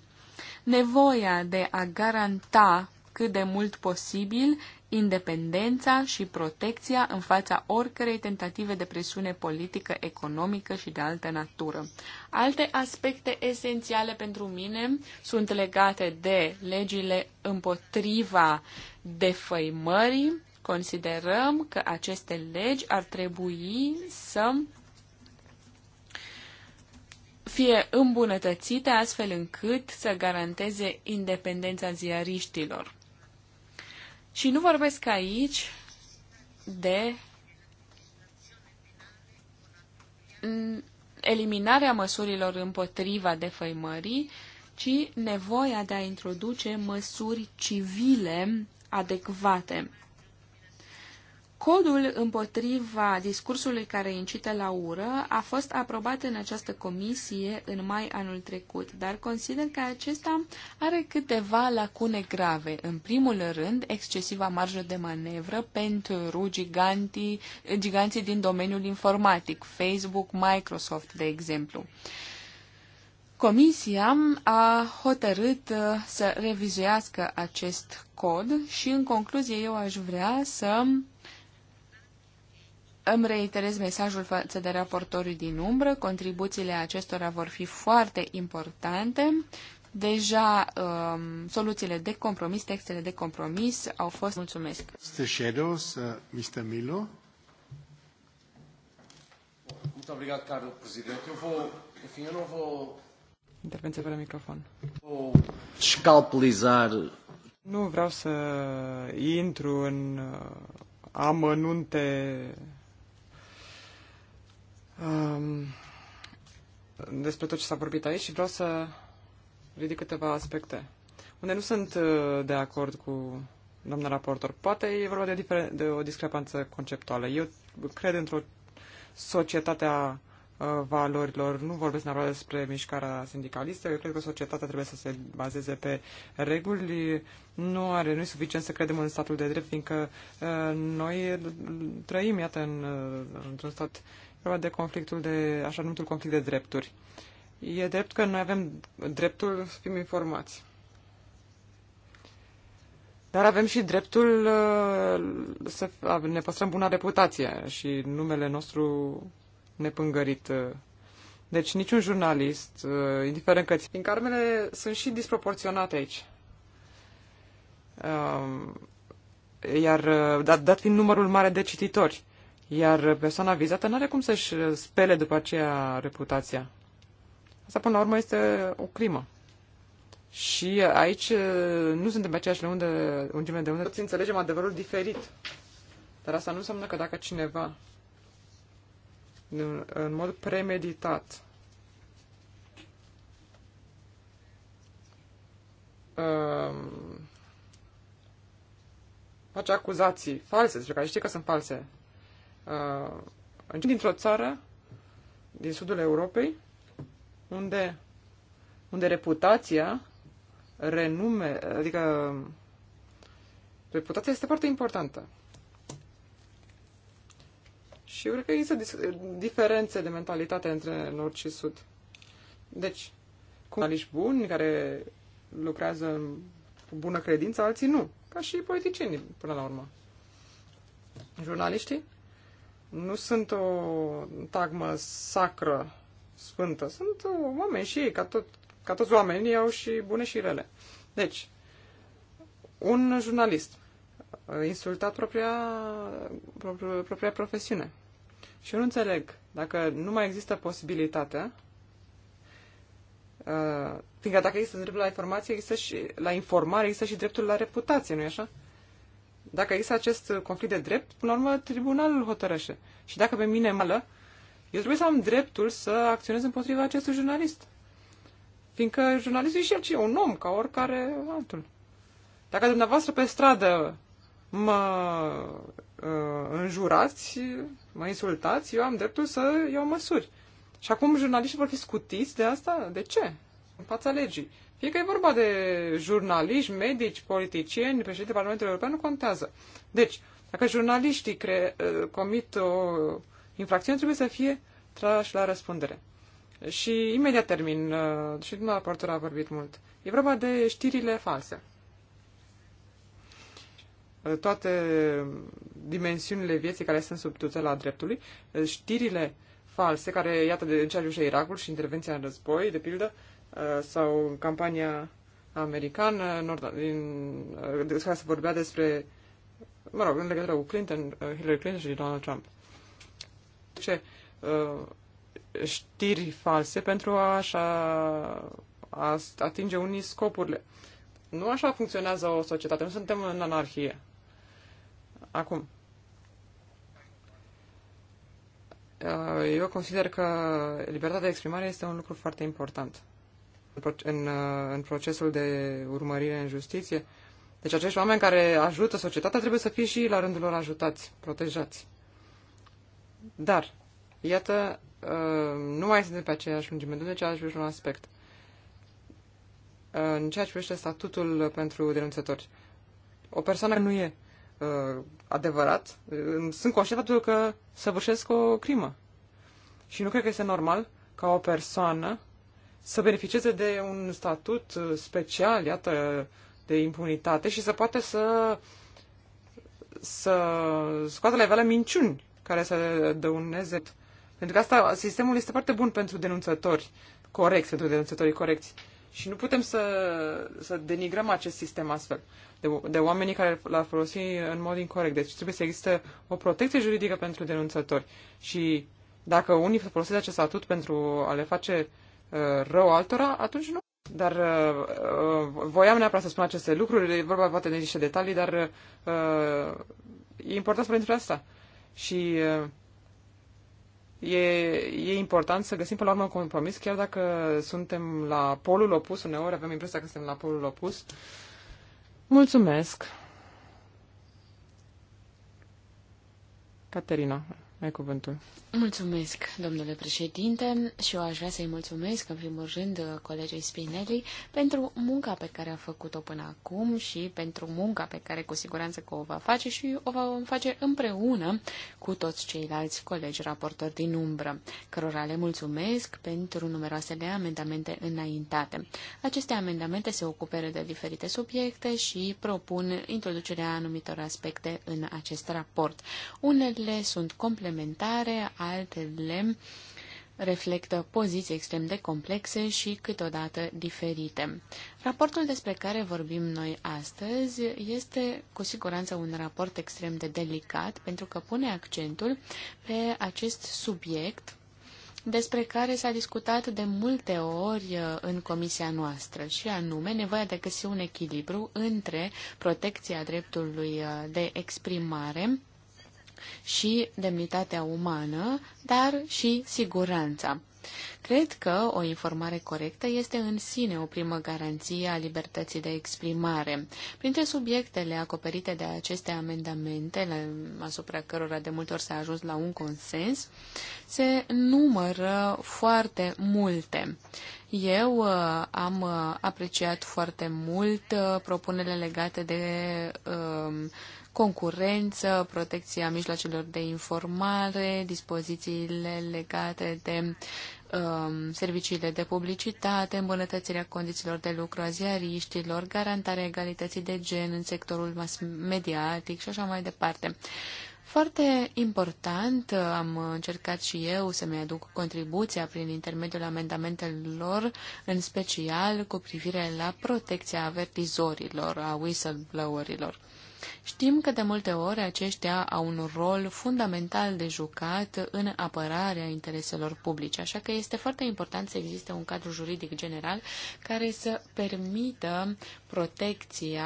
nevoia de a garanta cât de mult posibil independența și protecția în fața oricărei tentative de presiune politică, economică și de altă natură. Alte aspecte esențiale pentru mine sunt legate de legile împotriva defăimării. Considerăm că aceste legi ar trebui să fie îmbunătățite astfel încât să garanteze independența ziariștilor. Și nu vorbesc aici de eliminarea măsurilor împotriva defăimării, ci nevoia de a introduce măsuri civile adecvate. Codul împotriva discursului care incită la ură a fost aprobat în această comisie în mai anul trecut, dar consider că acesta are câteva lacune grave. În primul rând, excesiva marjă de manevră pentru giganții, giganții din domeniul informatic, Facebook, Microsoft, de exemplu. Comisia a hotărât uh, să revizuiască acest cod și, în concluzie, eu aș vrea să îmi reiterez mesajul față de raportorii din umbră. Contribuțiile acestora vor fi foarte importante. Deja um, soluțiile de compromis, textele de compromis au fost... Mulțumesc. Mr. shadows, uh, Mr. Milo. Muito obrigado, caro Presidente. Eu vou, enfim, eu não vou... Intervenție fără microfon. Vou scalpelizar... Nu vreau să intru în uh, amănunte um, despre tot ce s-a vorbit aici și vreau să ridic câteva aspecte. Unde nu sunt uh, de acord cu doamna raportor, poate e vorba de, difer- de o discrepanță conceptuală. Eu cred într-o societate a uh, valorilor. Nu vorbesc neapărat despre mișcarea sindicalistă. Eu cred că societatea trebuie să se bazeze pe reguli. Nu are, nu e suficient să credem în statul de drept, fiindcă uh, noi trăim, iată, în, uh, într-un stat vorba de conflictul de, așa numitul conflict de drepturi. E drept că noi avem dreptul să fim informați. Dar avem și dreptul uh, să ne păstrăm buna reputație și numele nostru nepângărit. Uh. Deci niciun jurnalist, uh, indiferent că... Din carmele sunt și disproporționate aici. Um, iar dat, dat fiind numărul mare de cititori iar persoana vizată nu are cum să-și spele după aceea reputația. Asta, până la urmă, este o crimă. Și aici uh, nu suntem pe aceeași lungime, unde. de unde. Toți înțelegem adevărul diferit. Dar asta nu înseamnă că dacă cineva, în, în mod premeditat, um, face acuzații false, deci că știe că sunt false, uh, dintr-o țară din sudul Europei, unde, unde reputația, renume, adică reputația este foarte importantă. Și eu cred că există diferențe de mentalitate între nord și sud. Deci, cu analiști buni care lucrează în, cu bună credință, alții nu. Ca și politicienii, până la urmă. Jurnaliștii nu sunt o tagmă sacră, sfântă. Sunt oameni și ei, ca, tot, ca toți oamenii, au și bune și rele. Deci, un jurnalist uh, insultat propria, propria profesiune. Și eu nu înțeleg, dacă nu mai există posibilitatea, uh, fiindcă dacă există dreptul la informație, există și la informare, există și dreptul la reputație, nu-i așa? Dacă există acest conflict de drept, până la urmă tribunalul hotărăște. Și dacă pe mine mală, eu trebuie să am dreptul să acționez împotriva acestui jurnalist. Fiindcă jurnalistul e și el ce un om, ca oricare altul. Dacă dumneavoastră pe stradă mă uh, înjurați, mă insultați, eu am dreptul să iau măsuri. Și acum jurnaliștii vor fi scutiți de asta? De ce? În fața legii. Fie că e vorba de jurnaliști, medici, politicieni, președinte Parlamentului European, nu contează. Deci, dacă jurnaliștii cre- uh, comit o infracțiune, trebuie să fie trași la răspundere. Și imediat termin, uh, și domnul raportor a vorbit mult. E vorba de știrile false. Uh, toate dimensiunile vieții care sunt sub tutela dreptului, știrile false, care, iată, de încearcă ce Irakul și intervenția în război, de pildă, Uh, sau în campania americană nord, din, uh, de care se vorbea despre, mă rog, în legătură cu Clinton, uh, Hillary Clinton și Donald Trump. Ce știri false pentru a, așa, a atinge unii scopurile. Nu așa funcționează o societate, nu suntem în anarhie. Acum, eu consider că libertatea de exprimare este un lucru foarte important în, uh, în procesul de urmărire în justiție. Deci acești oameni care ajută societatea trebuie să fie și la rândul lor ajutați, protejați. Dar, iată, uh, nu mai suntem pe aceeași lungime de ce aș un aspect. Uh, în ceea ce privește statutul pentru denunțători, o persoană nu e adevărat, sunt conștient faptul că săvârșesc o crimă. Și nu cred că este normal ca o persoană să beneficieze de un statut uh, special, iată, de impunitate și să poate să, să scoată la iveală minciuni care să dăuneze. Pentru că asta, sistemul este foarte bun pentru denunțători corecți, pentru denunțătorii corecți. Și nu putem să, să denigrăm acest sistem astfel, de, de oamenii care l-ar folosi în mod incorrect. Deci trebuie să existe o protecție juridică pentru denunțători. Și dacă unii folosesc acest statut pentru a le face uh, Uh, rău altora, atunci nu. Dar uh, uh, voiam neapărat să spun aceste lucruri, e vorba poate de niște detalii, dar e important să pentru asta. Și e, e important să găsim până la urmă un compromis, chiar dacă suntem la polul opus, uneori avem impresia că suntem la polul opus. Mulțumesc! Caterina. Ai cuvântul. Mulțumesc, domnule președinte, și eu aș vrea să-i mulțumesc, în primul rând, colegei Spinelli pentru munca pe care a făcut-o până acum și pentru munca pe care cu siguranță că o va face și o va face împreună cu toți ceilalți colegi raportori din umbră, cărora le mulțumesc pentru numeroasele amendamente înaintate. Aceste amendamente se ocupere de diferite subiecte și propun introducerea anumitor aspecte în acest raport. Unele sunt complementare complementare, altele reflectă poziții extrem de complexe și câteodată diferite. Raportul despre care vorbim noi astăzi este cu siguranță un raport extrem de delicat pentru că pune accentul pe acest subiect despre care s-a discutat de multe ori uh, în comisia noastră, și anume nevoia de găsi un echilibru între protecția dreptului uh, de exprimare și demnitatea umană, dar și siguranța. Cred că o informare corectă este în sine o primă garanție a libertății de exprimare. Printre subiectele acoperite de aceste amendamente, asupra cărora de multe ori s-a ajuns la un consens, se numără foarte multe. Eu uh, am uh, apreciat foarte mult uh, propunerile legate de uh, concurență, protecția mijloacelor de informare, dispozițiile legate de um, serviciile de publicitate, îmbunătățirea condițiilor de lucru a ziariștilor, garantarea egalității de gen în sectorul mass mediatic și așa mai departe. Foarte important, am încercat și eu să-mi aduc contribuția prin intermediul amendamentelor, în special cu privire la protecția avertizorilor, a whistleblowerilor. Știm că de multe ori aceștia au un rol fundamental de jucat în apărarea intereselor publice, așa că este foarte important să existe un cadru juridic general care să permită protecția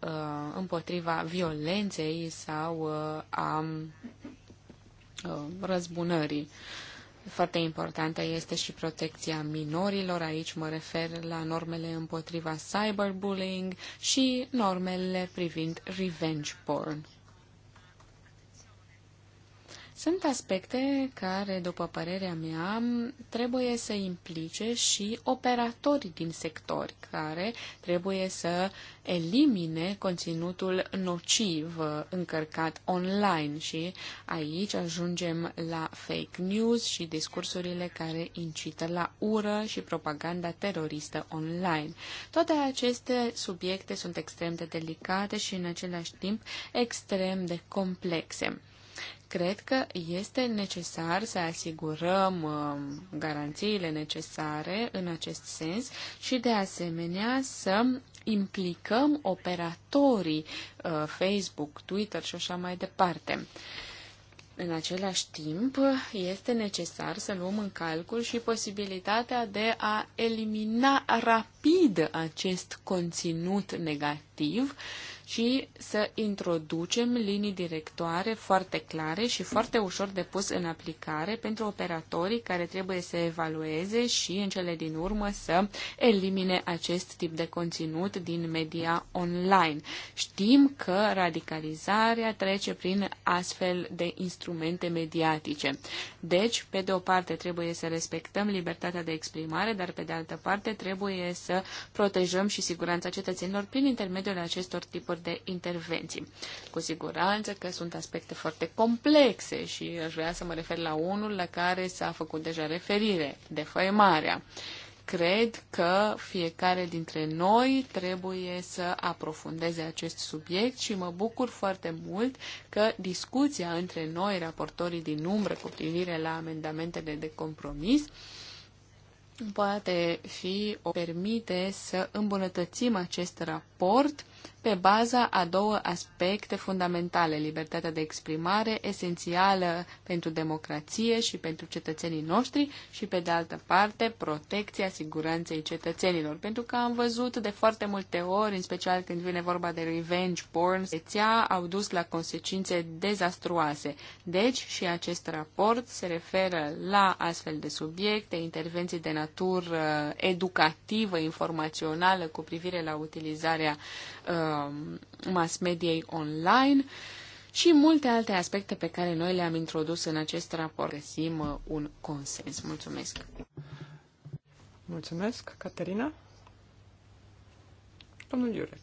uh, împotriva violenței sau uh, a uh, răzbunării. Uh, foarte importantă este și protecția minorilor, aici mă refer la normele împotriva cyberbullying și normele privind revenge porn. Sunt aspecte care, după părerea mea, trebuie să implice și operatorii din sector, care trebuie să elimine conținutul nociv încărcat online și aici ajungem la fake news și discursurile care incită la ură și propaganda teroristă online. Toate aceste subiecte sunt extrem de delicate și în același timp extrem de complexe. Cred că este necesar să asigurăm um, garanțiile necesare în acest sens și de asemenea să implicăm operatorii uh, Facebook, Twitter și așa mai departe. În același timp, este necesar să luăm în calcul și posibilitatea de a elimina rapid acest conținut negativ și să introducem linii directoare foarte clare și foarte ușor de pus în aplicare pentru operatorii care trebuie să evalueze și în cele din urmă să elimine acest tip de conținut din media online. Știm că radicalizarea trece prin astfel de instrumente mediatice. Deci, pe de o parte trebuie să respectăm libertatea de exprimare, dar pe de altă parte trebuie să protejăm și siguranța cetățenilor prin intermediul acestor tipuri de intervenții. Cu siguranță că sunt aspecte foarte complexe și aș vrea să mă refer la unul la care s-a făcut deja referire, defăimarea. Cred că fiecare dintre noi trebuie să aprofundeze acest subiect și mă bucur foarte mult că discuția între noi, raportorii din umbră, cu privire la amendamentele de compromis, poate fi o permite să îmbunătățim acest raport pe baza a două aspecte fundamentale, libertatea de exprimare, esențială pentru democrație și pentru cetățenii noștri, și pe de altă parte, protecția siguranței cetățenilor. Pentru că am văzut de foarte multe ori, în special când vine vorba de revenge porn, rețea au dus la consecințe dezastruoase. Deci și acest raport se referă la astfel de subiecte, intervenții de natură educativă, informațională cu privire la utilizarea uh, Um, mass mediei online și multe alte aspecte pe care noi le-am introdus în acest raport. Găsim uh, un consens. Mulțumesc! Mulțumesc, Caterina. Domnul Iurec,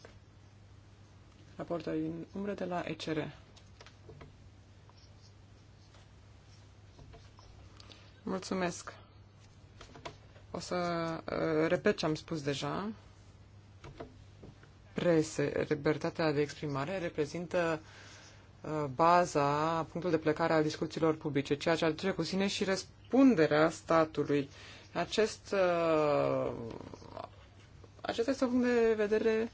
raportul din umbră de la ECR. Mulțumesc. O să uh, repet ce am spus deja prese. Libertatea de exprimare reprezintă uh, baza, punctul de plecare al discuțiilor publice, ceea ce aduce cu sine și răspunderea statului. Acest, uh, acesta este un punct de vedere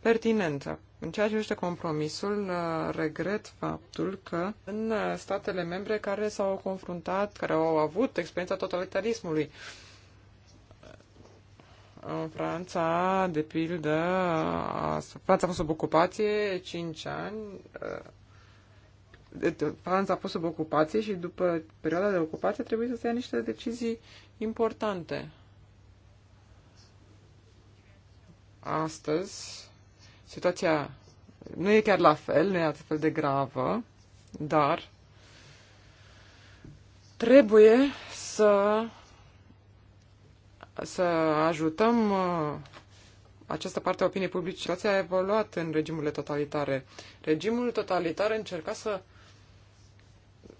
pertinent. În ceea ce privește compromisul, uh, regret faptul că în statele membre care s-au confruntat, care au avut experiența totalitarismului, uh, în Franța, de pildă, Franța a fost sub ocupație 5 ani. Eh, Franța a fost sub ocupație și după perioada de ocupație trebuie să se ia niște decizii importante. Astăzi, situația nu e chiar la fel, nu e atât de gravă, dar trebuie să să ajutăm uh, această parte a opiniei publice. Situația a evoluat în regimurile totalitare. Regimul totalitar încerca să,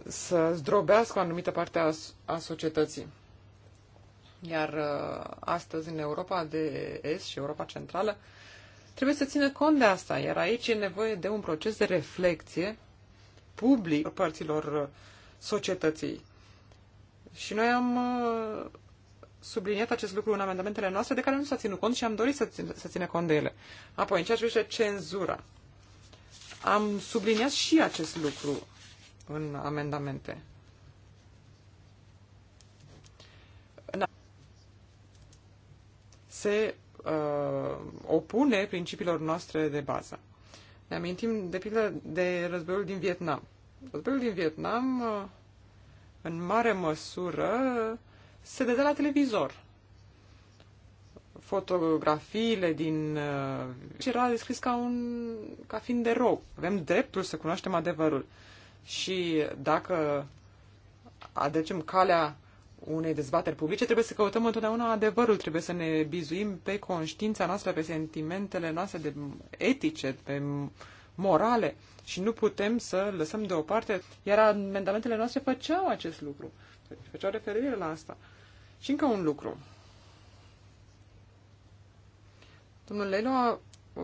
să zdrobească o anumită parte a, a societății. Iar uh, astăzi, în Europa de Est și Europa Centrală, trebuie să țină cont de asta. Iar aici e nevoie de un proces de reflexie public părților uh, societății. Și noi am subliniat acest lucru în amendamentele noastre de care nu s-a ținut cont și am dorit să, țin, să ține cont de ele. Apoi, în ceea ce privește cenzura, am subliniat și acest lucru în amendamente. Se uh, opune principiilor noastre de bază. Ne amintim de pildă de războiul din Vietnam. Războiul din Vietnam, uh, în mare măsură, se dădea la televizor. Fotografiile din... Uh, și era descris ca, un, ca fiind de rău. Avem dreptul să cunoaștem adevărul. Și dacă adecem calea unei dezbateri publice, trebuie să căutăm întotdeauna adevărul, trebuie să ne bizuim pe conștiința noastră, pe sentimentele noastre de etice, pe morale și nu putem să lăsăm deoparte. Iar amendamentele noastre făceau acest lucru, făceau referire la asta. Și încă un lucru. Domnul Lelo a